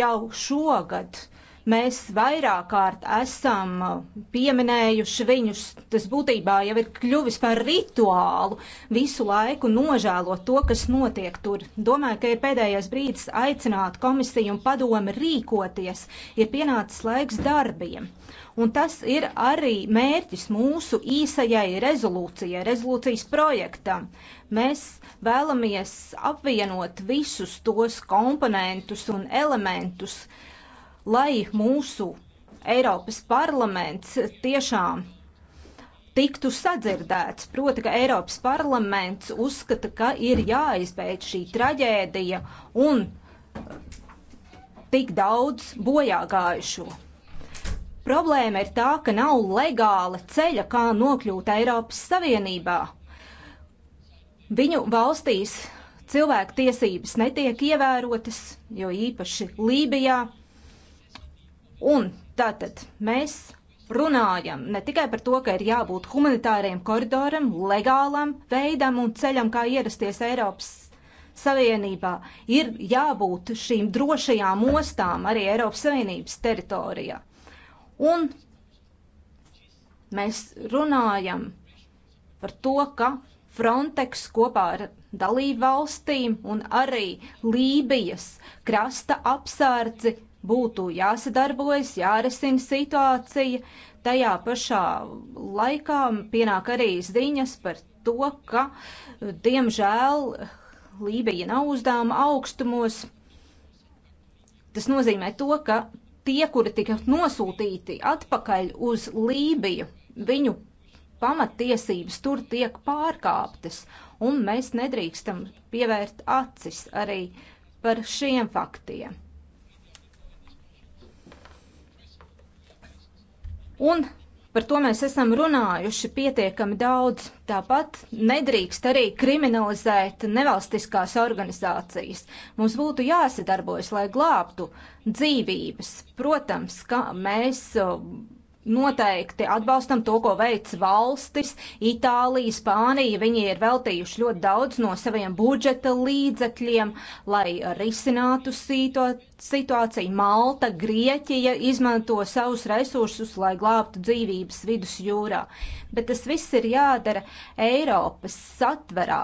jau šogad uh, Mēs vairāk kārt esam uh, pieminējuši viņus, tas būtībā jau ir kļuvis par rituālu, visu laiku nožēlot to, kas notiek tur. Domāju, ka ir pēdējais brīdis aicināt komisiju un padomi rīkoties, ir pienācis laiks darbiem. Un tas ir arī mērķis mūsu īsajai rezolūcijai, rezolūcijas projektam. Mēs vēlamies apvienot visus tos komponentus un elementus, uh, lai mūsu Eiropas parlaments tiešām tiktu sadzirdēts. Proti, ka Eiropas parlaments uzskata, ka ir jāizpēt šī traģēdija un tik daudz bojā gājušo. Problēma ir tā, ka nav legāla ceļa, kā nokļūt Eiropas Savienībā. Viņu valstīs cilvēku tiesības netiek ievērotas, jo īpaši Lībijā Un tātad mēs runājam ne tikai par to, ka ir jābūt humanitāriem koridoram, legālam veidam un ceļam, kā ierasties Eiropas Savienībā, ir jābūt šīm drošajām ostām arī Eiropas Savienības teritorijā. Un mēs runājam par to, ka Frontex kopā ar dalību valstīm un arī Lībijas krasta apsārdzi būtu jāsadarbojas, jārisina situācija. Tajā pašā laikā pienāk arī ziņas par to, ka, diemžēl, Lībija nav uzdevuma augstumos. Tas nozīmē to, ka tie, kuri tika nosūtīti atpakaļ uz Lībiju, viņu pamatiesības tur tiek pārkāptas, un mēs nedrīkstam pievērt acis arī par šiem faktiem. Un Par to mēs esam runājuši pietiekami daudz. Tāpat nedrīkst arī kriminalizēt nevalstiskās organizācijas. Mums būtu jāsadarbojas, lai glābtu dzīvības. Protams, kā mēs noteikti atbalstam to, ko veic valstis. Itālija, Spānija, viņi ir veltījuši ļoti daudz no saviem budžeta līdzekļiem, lai risinātu situāciju. Malta, Grieķija izmanto savus resursus, lai glābtu dzīvības vidusjūrā. Bet tas viss ir jādara Eiropas satverā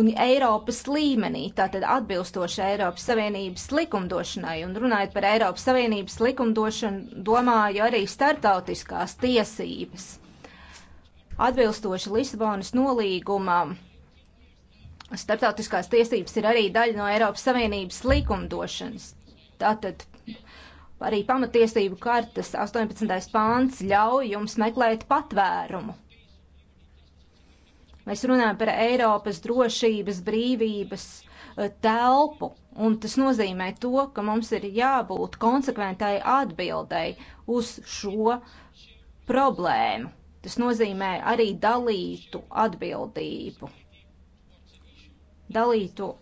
un Eiropas līmenī, tātad atbilstoši Eiropas Savienības likumdošanai. Un runājot par Eiropas Savienības likumdošanu, domāju arī startautiskās tiesības. Atbilstoši Lisabonas nolīgumam, starptautiskās tiesības ir arī daļa no Eiropas Savienības likumdošanas. Tātad arī pamatiesību kartas 18. pāns ļauj jums meklēt patvērumu Mēs runājam par Eiropas drošības, brīvības eh, telpu, un tas nozīmē to, ka mums ir jābūt konsekventai atbildei uz šo problēmu. Tas nozīmē arī dalītu atbildību. Dalītu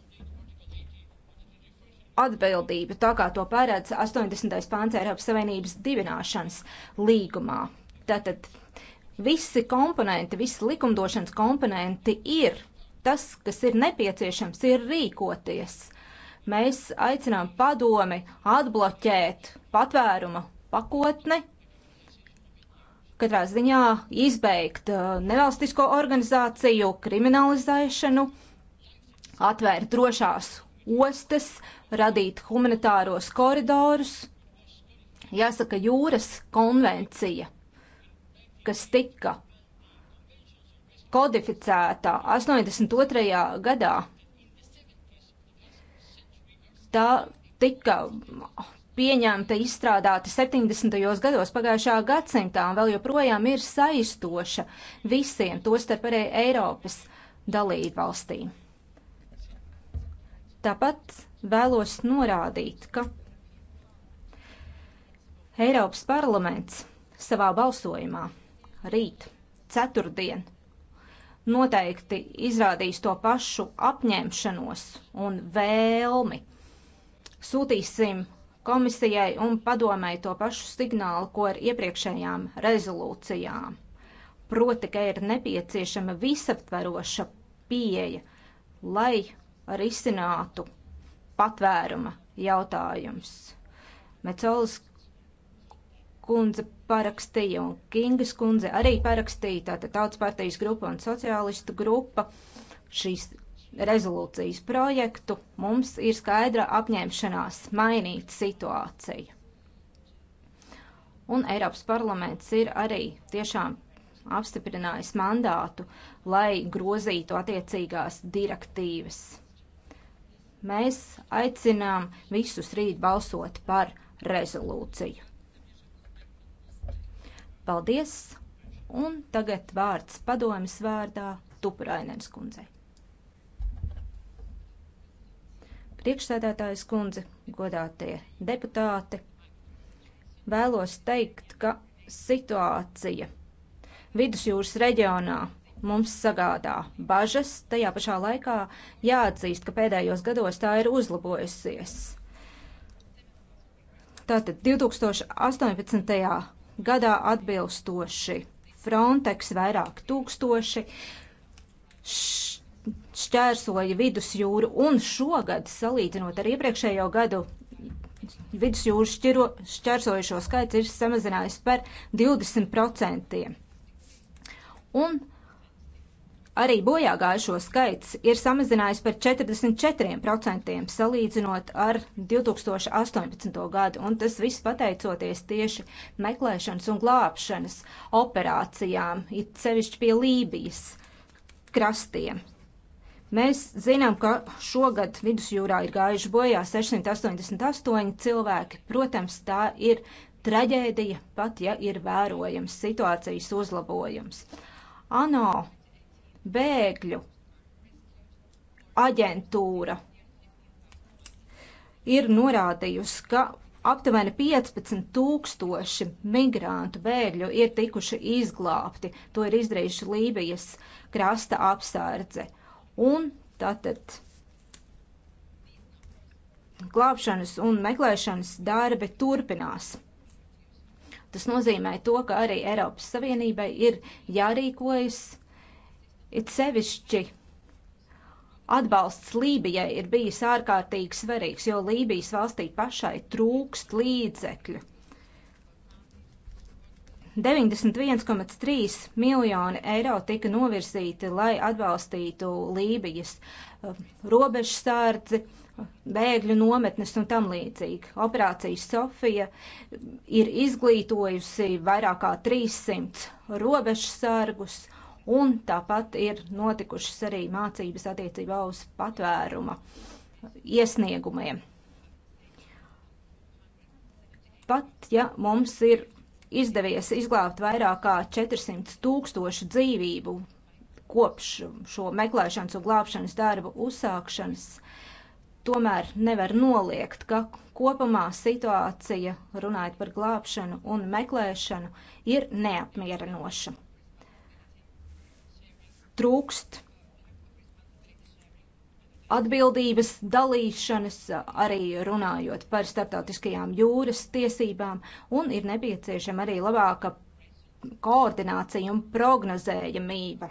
atbildību, tā kā to paredz 80. pāns Eiropas Savienības dibināšanas līgumā. Tātad Visi komponenti, visi likumdošanas komponenti ir. Tas, kas ir nepieciešams, ir rīkoties. Mēs aicinām padomi atbloķēt patvēruma pakotni, katrā ziņā izbeigt uh, nevalstisko organizāciju kriminalizēšanu, atvērt drošās ostas, radīt humanitāros koridorus. Jāsaka, jūras konvencija kas tika kodificēta 82. gadā. Tā tika pieņemta, izstrādāta 70. gados pagājušā gadsimtā un vēl joprojām ir saistoša visiem, tostarp arī Eiropas dalību valstīm. Tāpat vēlos norādīt, ka Eiropas parlaments savā balsojumā rīt, ceturtdien, noteikti izrādīs to pašu apņemšanos un vēlmi. Sūtīsim komisijai un padomēji to pašu signālu, ko ar iepriekšējām rezolūcijām. Proti, ka ir nepieciešama visaptveroša pieeja, lai risinātu patvēruma jautājums. Mecolis kundze parakstīja un Kingas kundze arī parakstīja, tātad Tautas partijas grupa un sociālistu grupa šīs rezolūcijas projektu, mums ir skaidra apņemšanās mainīt situāciju. Un Eiropas parlaments ir arī tiešām apstiprinājis mandātu, lai grozītu attiecīgās direktīvas. Mēs aicinām visus rīt balsot par rezolūciju. Paldies! Un tagad vārds padomjas vārdā Tupurainens kundzei. Priekšsēdētājas kundze, godātie deputāti, vēlos teikt, ka situācija vidusjūras reģionā mums sagādā bažas, tajā pašā laikā jāatzīst, ka pēdējos gados tā ir uzlabojusies. Tātad 2018 gadā atbilstoši. Frontex vairāk tūkstoši šķērsoja vidusjūru un šogad, salīdzinot ar iepriekšējo gadu, vidusjūru šķiro, šķērsojušo skaits ir samazinājies par 20%. Un Arī bojā gājušo skaits ir samazinājis par 44% salīdzinot ar 2018. gadu, un tas viss pateicoties tieši meklēšanas un glābšanas operācijām, it sevišķi pie Lībijas krastiem. Mēs zinām, ka šogad vidusjūrā ir gājuši bojā 688 cilvēki. Protams, tā ir traģēdija, pat ja ir vērojams situācijas uzlabojums. ANO bēgļu aģentūra ir norādījusi, ka aptuveni 15 tūkstoši migrantu bēgļu ir tikuši izglābti. To ir izdarījuši Lībijas krasta apsārdze. Un tātad glābšanas un meklēšanas darbi turpinās. Tas nozīmē to, ka arī Eiropas Savienībai ir jārīkojas It sevišķi atbalsts Lībijai ir bijis ārkārtīgi svarīgs, jo Lībijas valstī pašai trūkst līdzekļu. 91,3 miljoni eiro tika novirzīti, lai atbalstītu Lībijas um, robežsārdzi, bēgļu nometnes un tam līdzīgi. Operācija Sofija um, ir izglītojusi vairāk kā 300 robežsargus un tāpat ir notikušas arī mācības attiecībā uz patvēruma iesniegumiem. Pat ja mums ir izdevies izglābt vairāk kā 400 tūkstošu dzīvību kopš šo meklēšanas un glābšanas darbu uzsākšanas, tomēr nevar noliegt, ka kopumā situācija, runājot par glābšanu un meklēšanu, ir neapmierinoša trūkst atbildības dalīšanas, arī runājot par starptautiskajām jūras tiesībām, un ir nepieciešama arī labāka koordinācija un prognozējamība.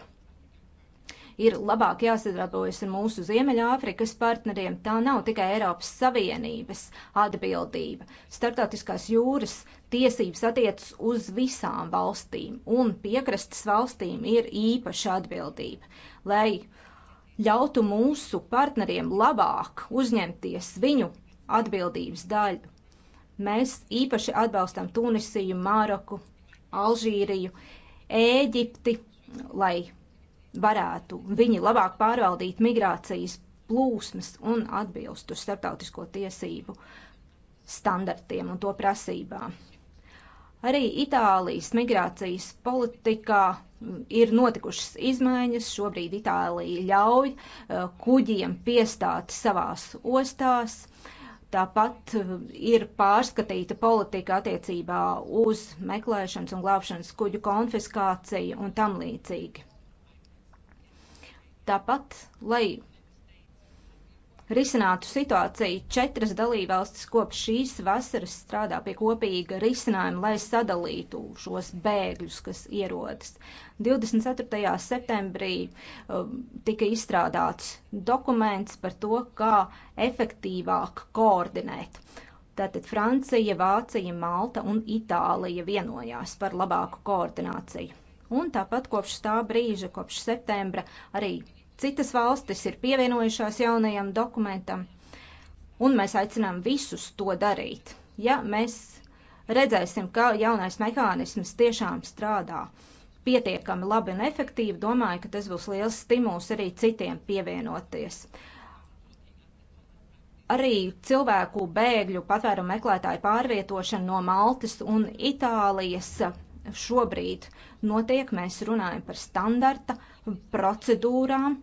Ir labāk jāsadarbojas ar mūsu Ziemeļāfrikas partneriem. Tā nav tikai Eiropas Savienības atbildība. Startautiskās jūras tiesības attiecas uz visām valstīm, un piekrastes valstīm ir īpaša atbildība, lai ļautu mūsu partneriem labāk uzņemties viņu atbildības daļu. Mēs īpaši atbalstam Tunisiju, Māroku, Alžīriju, Ēģipti, lai varētu viņi labāk pārvaldīt migrācijas plūsmas un atbilstu starptautisko tiesību standartiem un to prasībām. Arī Itālijas migrācijas politikā mm, ir notikušas izmaiņas. Šobrīd Itālija ļauj eh, kuģiem piestāt savās ostās. Tāpat eh, ir pārskatīta politika attiecībā uz meklēšanas un glābšanas kuģu konfiskāciju un tam līdzīgi. Tāpat, lai risinātu situāciju. Četras dalībvalstis kopš šīs vasaras strādā pie kopīga risinājuma, lai sadalītu šos bēgļus, kas ierodas. 24. septembrī um, tika izstrādāts dokuments par to, kā efektīvāk koordinēt. Tātad Francija, Vācija, Malta un Itālija vienojās par labāku koordināciju. Un tāpat kopš tā brīža, kopš septembra, arī Citas valstis ir pievienojušās jaunajam dokumentam, un mēs aicinām visus to darīt. Ja mēs redzēsim, ka jaunais mehānisms tiešām strādā pietiekami labi un efektīvi, domāju, ka tas būs liels stimuls arī citiem pievienoties arī cilvēku bēgļu patvērumu meklētāju pārvietošana no Maltas un Itālijas šobrīd notiek. Mēs runājam par standarta procedūrām.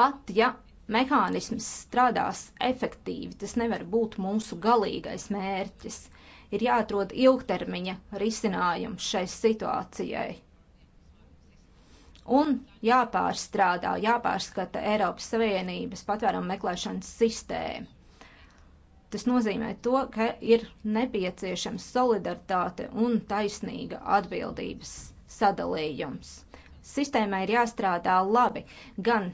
Pat ja mehānisms strādās efektīvi, tas nevar būt mūsu galīgais mērķis. Ir jāatrod ilgtermiņa risinājums šai situācijai. Un jāpārstrādā, jāpārskata Eiropas Savienības patvērumu meklēšanas sistēma. Tas nozīmē to, ka ir nepieciešams solidaritāte un taisnīga atbildības sadalījums sistēmai ir jāstrādā labi gan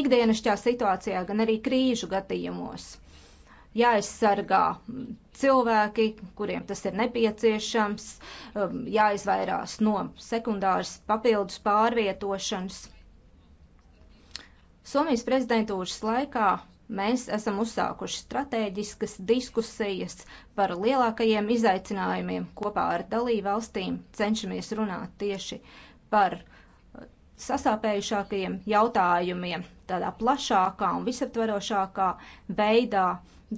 ikdienišķā situācijā, gan arī krīžu gadījumos. Jāaizsargā cilvēki, kuriem tas ir nepieciešams, um, jāizvairās no sekundāras papildus pārvietošanas. Somijas prezidentūras laikā mēs esam uzsākuši stratēģiskas diskusijas par lielākajiem izaicinājumiem kopā ar dalību valstīm. Cenšamies runāt tieši par uh, sasāpējušākajiem jautājumiem, tādā plašākā un visaptverošākā veidā.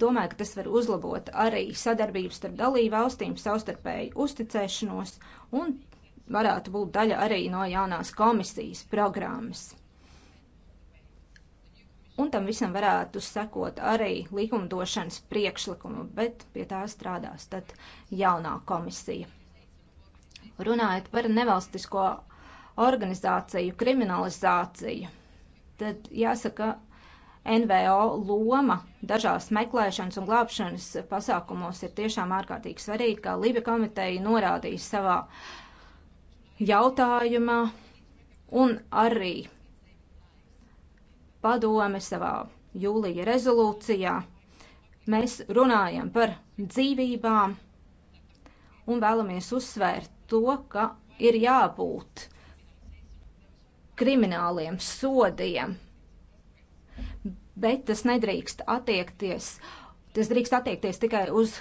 Domāju, ka tas var uzlabot arī sadarbības starp dalību valstīm, savstarpēju uzticēšanos un varētu būt daļa arī no jaunās komisijas programmas. Un tam visam varētu sekot arī likumdošanas priekšlikumu, bet pie tā strādās tad jaunā komisija. Runājot par nevalstisko organizāciju kriminalizāciju, tad jāsaka, NVO loma dažās meklēšanas un glābšanas pasākumos ir tiešām ārkārtīgi svarīga, kā Lība komiteja norādīja savā jautājumā un arī padome savā jūlija rezolūcijā. Mēs runājam par dzīvībām un vēlamies uzsvērt to, ka ir jābūt krimināliem sodiem, bet tas nedrīkst attiekties, tas drīkst attiekties tikai uz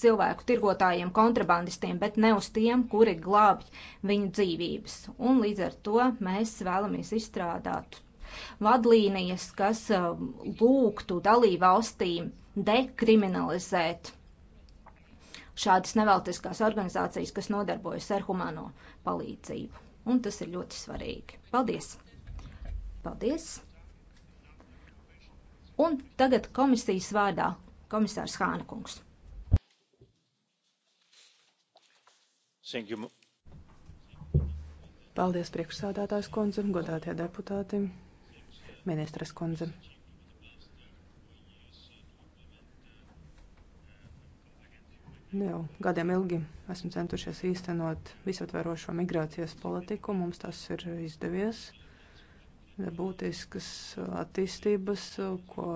cilvēku tirgotājiem, kontrabandistiem, bet ne uz tiem, kuri glābj viņu dzīvības. Un līdz ar to mēs vēlamies izstrādāt vadlīnijas, kas um, lūgtu dalībvalstīm dekriminalizēt šādas nevalstiskās organizācijas, kas nodarbojas ar humano palīdzību un tas ir ļoti svarīgi. Paldies! Paldies! Un tagad komisijas vārdā komisārs Hānekungs. Paldies priekšsādātājs kundze, godātie deputāti, ministres kundze. Nu jau gadiem ilgi esam centušies īstenot visatverošo migrācijas politiku. Mums tas ir izdevies. Būtiskas attīstības, ko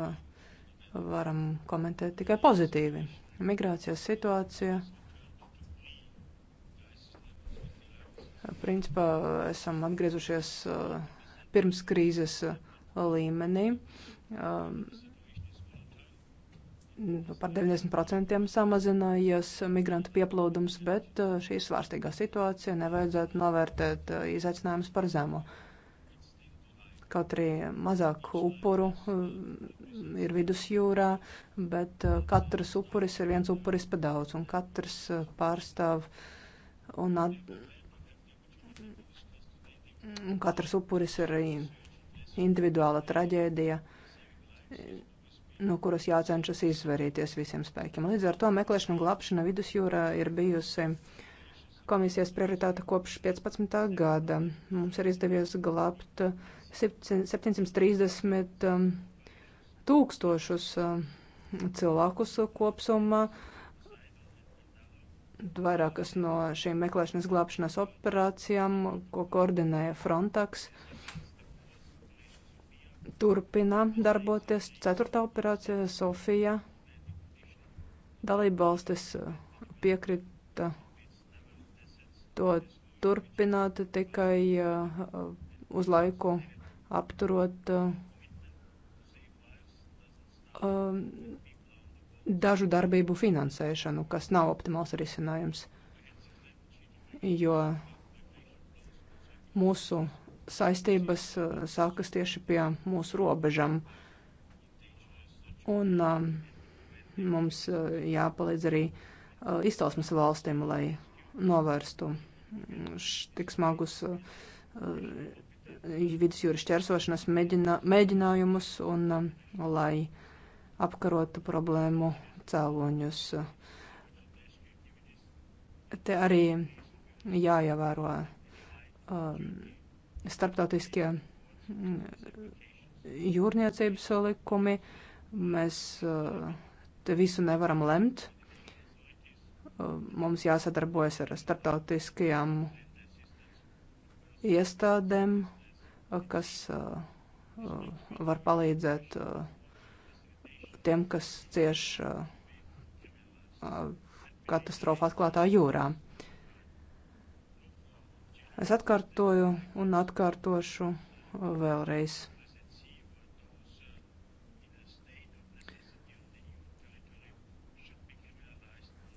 varam komentēt tikai pozitīvi. Migrācijas situācija. Principā esam atgriezušies uh, pirms krīzes uh, līmenī. Um, Nu, par 90% samazinājies migrantu pieplūdums, bet uh, šī svārstīgā situācija nevajadzētu novērtēt uh, izaicinājumus par zemu. Kaut arī mazāk upuru uh, ir vidusjūrā, bet katrs upuris ir viens upuris pa daudz, un katrs pārstāv un at... katrs upuris ir individuāla traģēdija no nu, kuras jācenšas izvairīties visiem spēkiem. Līdz ar to meklēšana un glābšana vidusjūrā ir bijusi komisijas prioritāte kopš 15. gada. Mums ir izdevies glābt 730 um, tūkstošus um, cilvēkus kopsumā. Vairākas no šīm meklēšanas glābšanas operācijām, ko koordinēja Frontex, turpina darboties. Ceturtā operācija Sofija. Dalība valstis uh, piekrita to turpināt tikai uh, uh, uz laiku apturot um, dažu darbību finansēšanu, kas nav optimāls risinājums. Jo mūsu saistības eh, sākas tieši pie mūsu robežam. Un eh, mums eh, jāpalīdz arī izcelsmes valstīm, lai novērstu mm, tik smagus vidusjūras ķersošanas mēģina, mēģinājumus un lai apkarotu problēmu cēloņus. Te arī jāievēro um, starptautiskie mm, jūrniecības likumi. Mēs eh, te visu nevaram lemt. Eh, mums jāsadarbojas ar starptautiskajām iestādēm, eh, kas var palīdzēt tiem, kas cieš katastrofa atklātā jūrā. Es atkārtoju un atkārtošu uh, vēlreiz.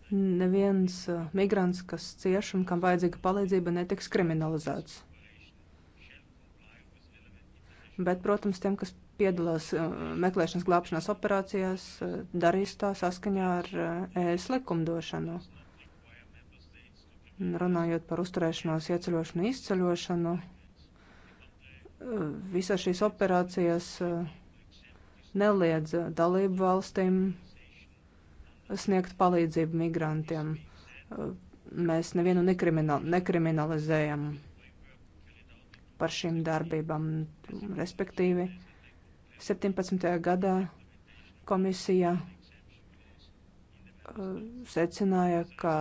Neviens uh, migrants, kas cieš un kam vajadzīga palīdzība, netiks kriminalizēts. Bet, protams, tiem, kas piedalās uh, meklēšanas glābšanas operācijās, darīs tā saskaņā ar ES likumdošanu runājot par uzturēšanos, ieceļošanu, izceļošanu, visas šīs operācijas eh, neliedz dalību valstīm sniegt palīdzību migrantiem. Eh, mēs nevienu nekriminal, nekriminalizējam par šīm darbībām. Respektīvi, 17. gadā komisija eh, secināja, ka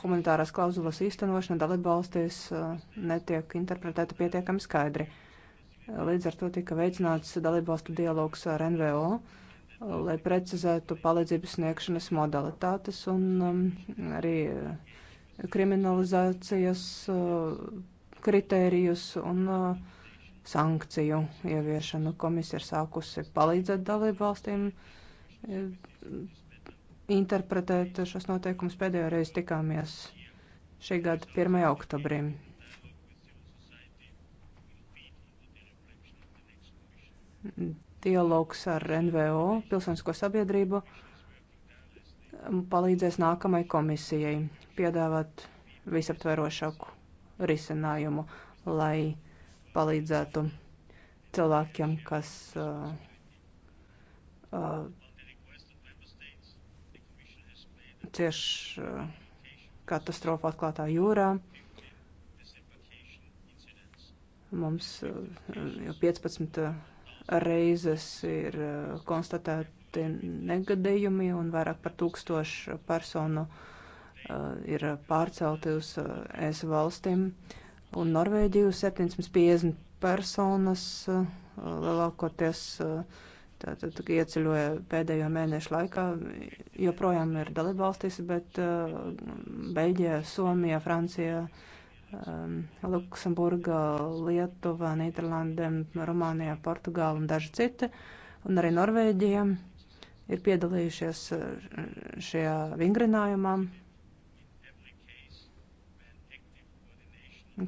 humanitārās klauzulas īstenošana dalībvalstīs uh, netiek interpretēta pietiekami skaidri. Uh, līdz ar to tika veicināts dalībvalstu dialogs ar NVO, uh, lai precizētu palīdzības sniegšanas modalitātes un um, arī kriminalizācijas uh, kritērijus un uh, sankciju ieviešanu. Komisija ir sākusi palīdzēt dalībvalstīm interpretēt šos noteikumus. Pēdējo reizi tikāmies šī gada 1. oktobrī. Dialogs ar NVO, pilsonisko sabiedrību, palīdzēs nākamai komisijai piedāvāt visaptverošāku risinājumu, lai palīdzētu cilvēkiem, kas uh, uh, cieš eh, katastrofa atklātā jūrā. Mums eh, jau 15 eh, reizes ir konstatēti negadījumi un vairāk par tūkstošu personu ir pārcelti uz ES valstīm. Un Norvēģiju 750 personas lielākoties uh, tātad ieceļoja pēdējo mēnešu laikā, joprojām ir dalībvalstis, bet uh, Beļģija, Somija, Francija, um, Luksemburga, Lietuva, Nīderlande, Rumānija, Portugāla un daži citi, un arī Norvēģija ir piedalījušies uh, šajā vingrinājumā.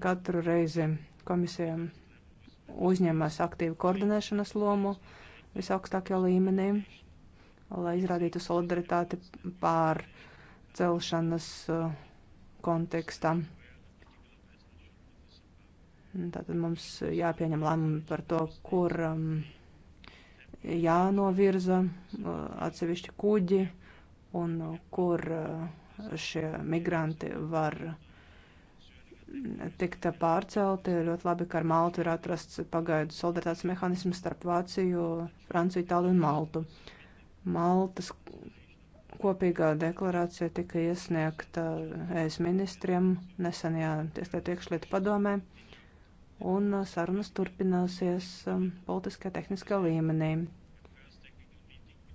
Katru reizi komisija uzņemas aktīvu koordinēšanas lomu. Uh, visaugstākajā līmenī, lai izrādītu solidaritāti pārcelšanas uh, kontekstā. Tātad mums jāpieņem lēmumi par to, kur um, jānovirza uh, atsevišķi kuģi un uh, kur uh, šie migranti var uh, tikta pārcelti. Ļoti labi, ka ar Maltu ir atrasts pagaidu solidaritātes mehānisms starp Vāciju, Franciju, Itāliju un Maltu. Maltas kopīgā deklarācija tika iesniegta ES ministriem nesenajā tieslietu iekšlietu padomē, un sarunas turpināsies um, politiskajā tehniskā līmenī.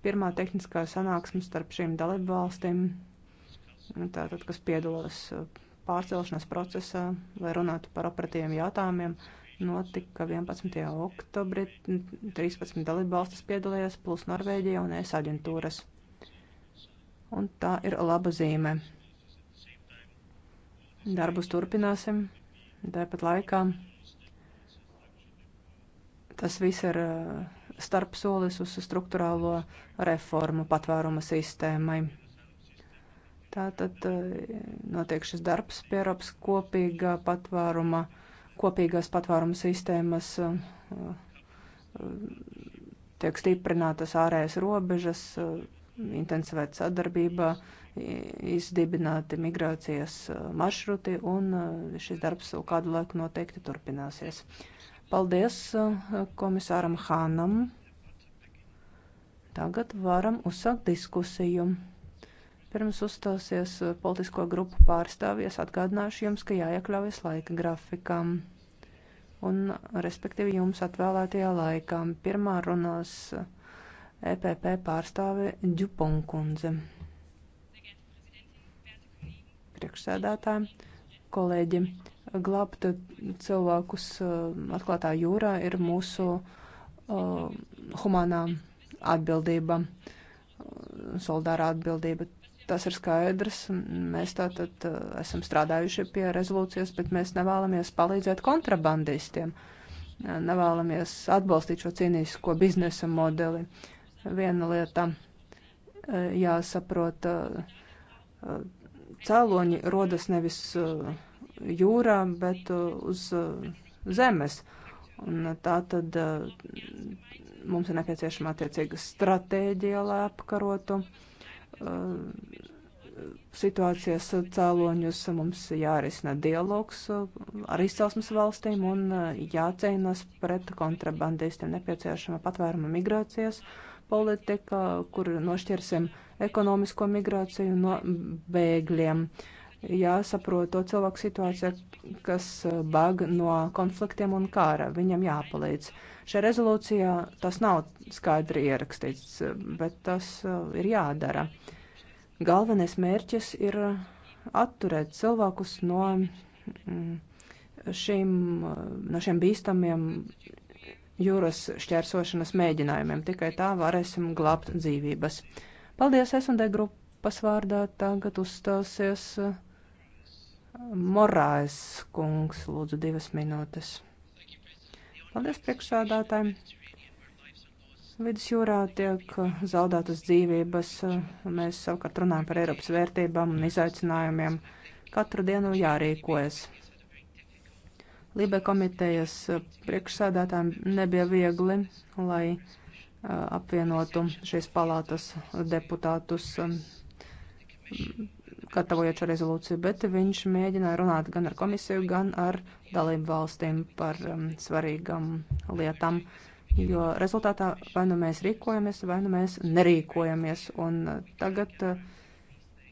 Pirmā tehniskā sanāksme starp šīm dalībvalstīm, tātad, kas piedalās pārcelšanas procesā, lai runātu par operatīviem jautājumiem, notika 11. oktobrī. 13 dalībvalstis piedalījās, plus Norvēģija un ES aģentūras. Un tā ir laba zīme. Darbus turpināsim, tāpat laikā tas viss ir eh, starpsolis uz struktūrālo reformu patvēruma sistēmai. Tātad eh, notiek šis darbs pie Eiropas kopīgā patvāruma, kopīgās patvāruma sistēmas, eh, eh, tiek stiprinātas ārējas robežas, intensivēta sadarbība, izdibināti migrācijas maršruti, un šis darbs vēl kādu laiku noteikti turpināsies. Paldies komisāram Hānam. Tagad varam uzsākt diskusiju. Pirms uzstāsies eh, politisko grupu pārstāvjies, atgādināšu jums, ka jāiekļaujas laika grafikam un, respektīvi, jums atvēlētajā laikā. Pirmā runās EPP eh, e pārstāve Džuponkundze. Priekšsēdētāji, kolēģi, glābt cilvēkus eh, atklātā jūrā ir mūsu uh, humānā atbildība, soldāra atbildība. Tas ir skaidrs. Mēs tātad uh, esam strādājuši pie rezolūcijas, bet mēs nevēlamies palīdzēt kontrabandistiem. Uh, nevēlamies atbalstīt šo cīnīsko biznesa modeli. Viena lieta uh, jāsaprot, cēloņi rodas nevis jūrā, bet uz zemes. Un tā tad mums ir nepieciešama attiecīga stratēģija, lai apkarotu uh, Um, situācijas cēloņus mums jārisina dialogs ar izcelsmes valstīm un uh, jācīnās pret kontrabandistiem nepieciešama patvēruma migrācijas politika, kur nošķirsim ekonomisko migrāciju no bēgļiem. Jāsaprot to cilvēku situāciju, kas eh, bag no konfliktiem un kara. Viņam jāpalīdz. Šajā rezolūcijā tas nav skaidri ierakstīts, bet tas eh, ir jādara. Galvenais mērķis ir atturēt cilvēkus no mm, šīm, eh, no šiem bīstamiem jūras šķērsošanas mēģinājumiem. Tikai tā varēsim glābt dzīvības. Paldies, es un te grupas vārdā tagad uzstāsies. Uh, Morājas kungs, lūdzu, divas minūtes. Paldies priekšsādātājiem. Vidus jūrā tiek zaudētas dzīvības, mēs savukārt runājam par Eiropas vērtībām un izaicinājumiem. Katru dienu jārīkojas. Lībe komitejas priekšsādātājiem nebija viegli, lai apvienotu šīs palātas deputātus gatavojot šo rezolūciju, bet viņš mēģināja runāt gan ar komisiju, gan ar dalību valstīm par um, svarīgām lietām, jo rezultātā vai nu mēs rīkojamies, vai nu mēs nerīkojamies. Un uh, tagad uh,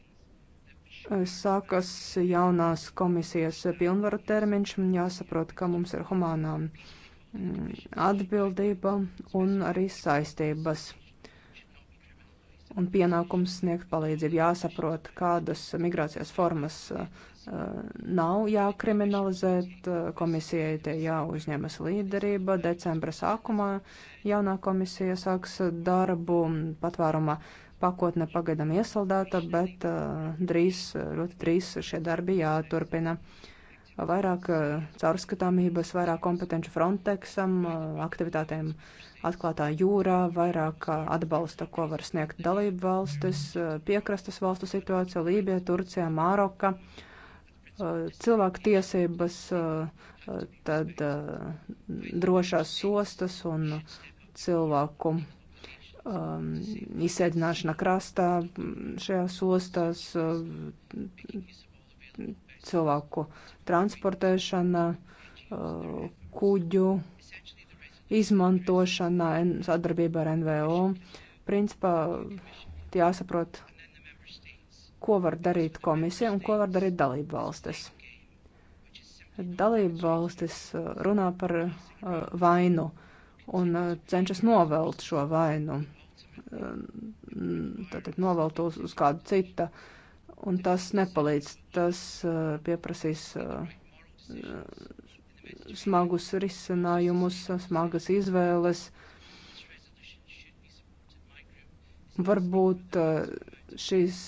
uh, sākas jaunās komisijas pilnvaru termiņš, jāsaprot, ka mums ir humānā mm, atbildība un arī saistības un pienākums sniegt palīdzību. Jāsaprot, kādas migrācijas formas uh, nav jākriminalizēt. Uh, komisijai te jāuzņemas līderība. Decembra sākumā jaunā komisija sāks darbu patvērumā. Pakotne pagaidām iesaldēta, bet uh, drīz, ļoti drīz šie darbi jāturpina. Uh, vairāk eh, caurskatāmības, vairāk kompetenci Frontexam, eh, aktivitātēm atklātā jūrā, vairāk eh, atbalsta, ko var sniegt dalību valstis, piekrastas valstu situācija, Lībija, Turcija, Māroka, cilvēku tiesības, tad drošās ostas un cilvēku um, ehm, izsēdināšana krastā mm, šajās ostās, cilvēku transportēšana, uh, kuģu izmantošana, sadarbība ar NVO. Principā jāsaprot, ko var darīt komisija un ko var darīt dalību valstis. Dalību valstis uh, runā par uh, vainu un cenšas novelt šo vainu. Tātad novelt uz, uz kādu citu un tas nepalīdz. Tas uh, pieprasīs uh, smagus risinājumus, smagas izvēles. Varbūt uh, šīs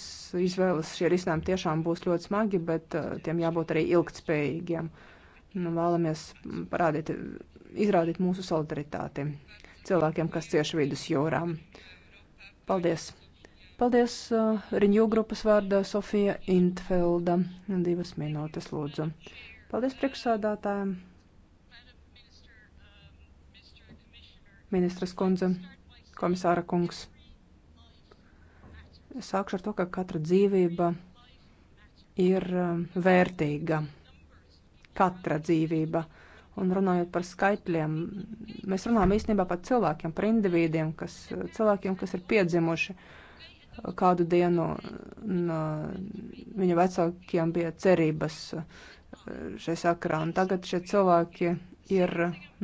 izvēles, šie risinājumi tiešām būs ļoti smagi, bet tiem jābūt arī ilgtspējīgiem. Nu, vēlamies parādīt, izrādīt mūsu solidaritāti cilvēkiem, kas cieši vidus jūrām. Paldies! Paldies uh, Riņģu grupas vārdā Sofija Intfelda. Divas minūtes lūdzu. Paldies priekšsādātājiem. Ministras kundze, komisāra kungs. Es sākšu ar to, ka katra dzīvība ir uh, vērtīga. Katra dzīvība. Un runājot par skaitļiem, mēs runājam īstenībā par cilvēkiem, par individiem, kas, cilvēkiem, kas ir piedzimuši. Uh, kādu dienu, un uh, viņa vecākiem bija cerības uh, šai sakrā, un tagad šie cilvēki ir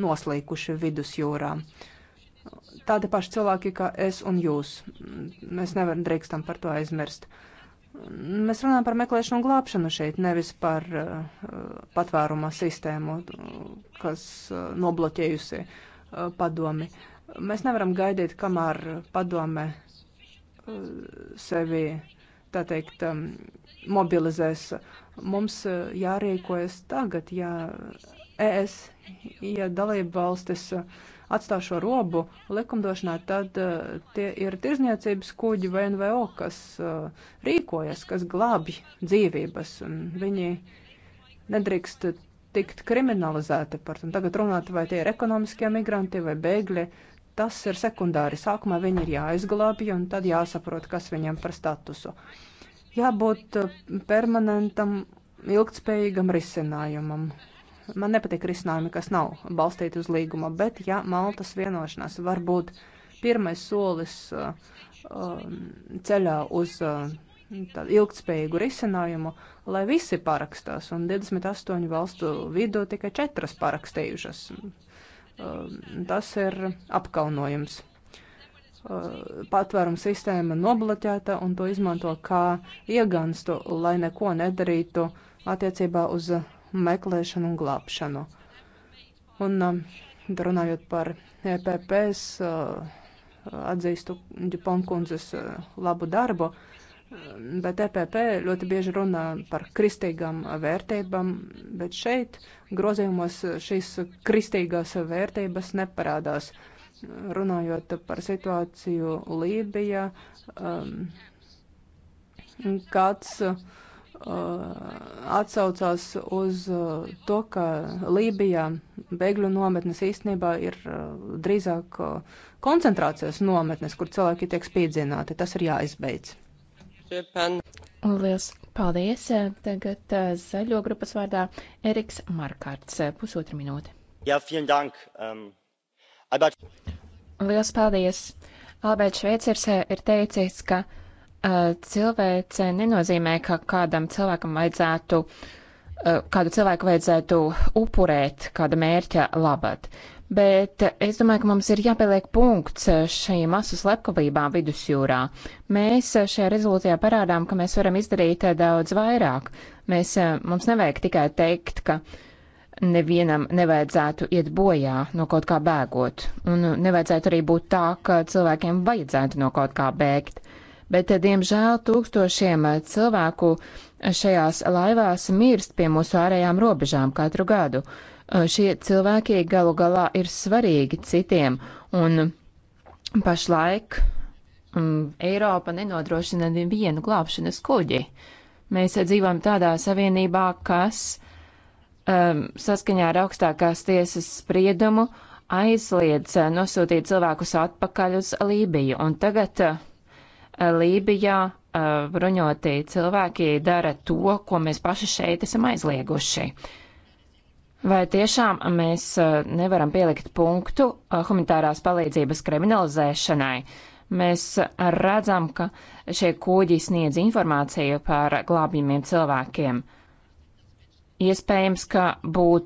noslīkuši vidusjūrā. Tādi paši cilvēki kā es un jūs. Mēs nevaram drīkstam par to aizmirst. Mēs runājam par meklēšanu un glābšanu šeit, nevis par uh, patvērumā sistēmu, kas uh, nobloķējusi uh, padomi. Mēs nevaram gaidīt, kamēr padome uh, sevi, tā teikt, um, mobilizēs. Mums uh, jārīkojas tagad, ja ES, ja dalība valstis uh, atstāv šo robu likumdošanā, tad uh, tie ir tirzniecības kuģi vai NVO, kas rīkojas, kas glābi dzīvības, un viņi nedrīkst tikt kriminalizēti par to. Tagad runāt, vai tie ir ekonomiskie migranti vai bēgļi. Uh, tas ir sekundāri. Sākumā viņi ir jāizglābj un tad jāsaprot, kas viņiem par statusu. Jābūt uh, permanentam, ilgtspējīgam risinājumam. Man nepatīk risinājumi, kas nav balstīti uz līguma, bet ja Maltas vienošanās var būt pirmais solis uh, um, ceļā uz uh, tādu ilgtspējīgu risinājumu, lai visi parakstās, un 28 valstu vidū tikai četras parakstījušas. Uh, Um, tas ir apkaunojums. Uh, Patvērums sistēma noblaķēta un to izmanto kā ieganstu, lai neko nedarītu attiecībā uz meklēšanu un glābšanu. Un um, runājot par EPPs, uh, atzīstu Džuponkundzes uh, labu darbu, um, bet EPP ļoti bieži runā par kristīgām vērtībām, bet šeit grozījumos šīs kristīgās vērtības neparādās. Runājot par situāciju Lībijā, um, kāds uh, atsaucās uz uh, to, ka Lībijā bēgļu nometnes īstenībā ir uh, drīzāk uh, koncentrācijas nometnes, kur cilvēki tiek spīdzināti. Tas ir jāizbeidz. Liels Paldies. Eh, tagad eh, zaļo grupas vārdā Eriks Markārts. Eh, pusotra minūte. Jā, ja, vielen dank. Um, Albert... Liels paldies. Alberts Šveicers ir teicis, ka uh, cilvēce nenozīmē, ka kādam cilvēkam vajadzētu uh, kādu cilvēku vajadzētu upurēt kāda mērķa labad bet es domāju, ka mums ir jāpieliek punkts šīm masu slepkavībām vidusjūrā. Mēs šajā rezolūcijā parādām, ka mēs varam izdarīt daudz vairāk. Mēs, eh, mums nevajag tikai teikt, ka nevienam nevajadzētu iet bojā no kaut kā bēgot, un nevajadzētu arī būt tā, ka cilvēkiem vajadzētu no kaut kā bēgt. Bet, eh, diemžēl, tūkstošiem eh, cilvēku šajās laivās mirst pie mūsu ārējām robežām katru gadu. Uh, Šie cilvēki galu galā ir svarīgi citiem, un pašlaik um, Eiropa nenodrošina nevienu glābšanas kuģi. Mēs dzīvojam tādā savienībā, kas um, saskaņā ar augstākās tiesas spriedumu aizliedz uh, nosūtīt cilvēkus atpakaļ uz Lībiju. Un tagad uh, Lībijā uh, bruņotie cilvēki dara to, ko mēs paši šeit esam aizlieguši. Uh, Vai tiešām mēs uh, nevaram pielikt punktu uh, humanitārās palīdzības kriminalizēšanai? Mēs uh, redzam, ka šie kuģi sniedz informāciju par glābjumiem cilvēkiem. Iespējams, ka būtu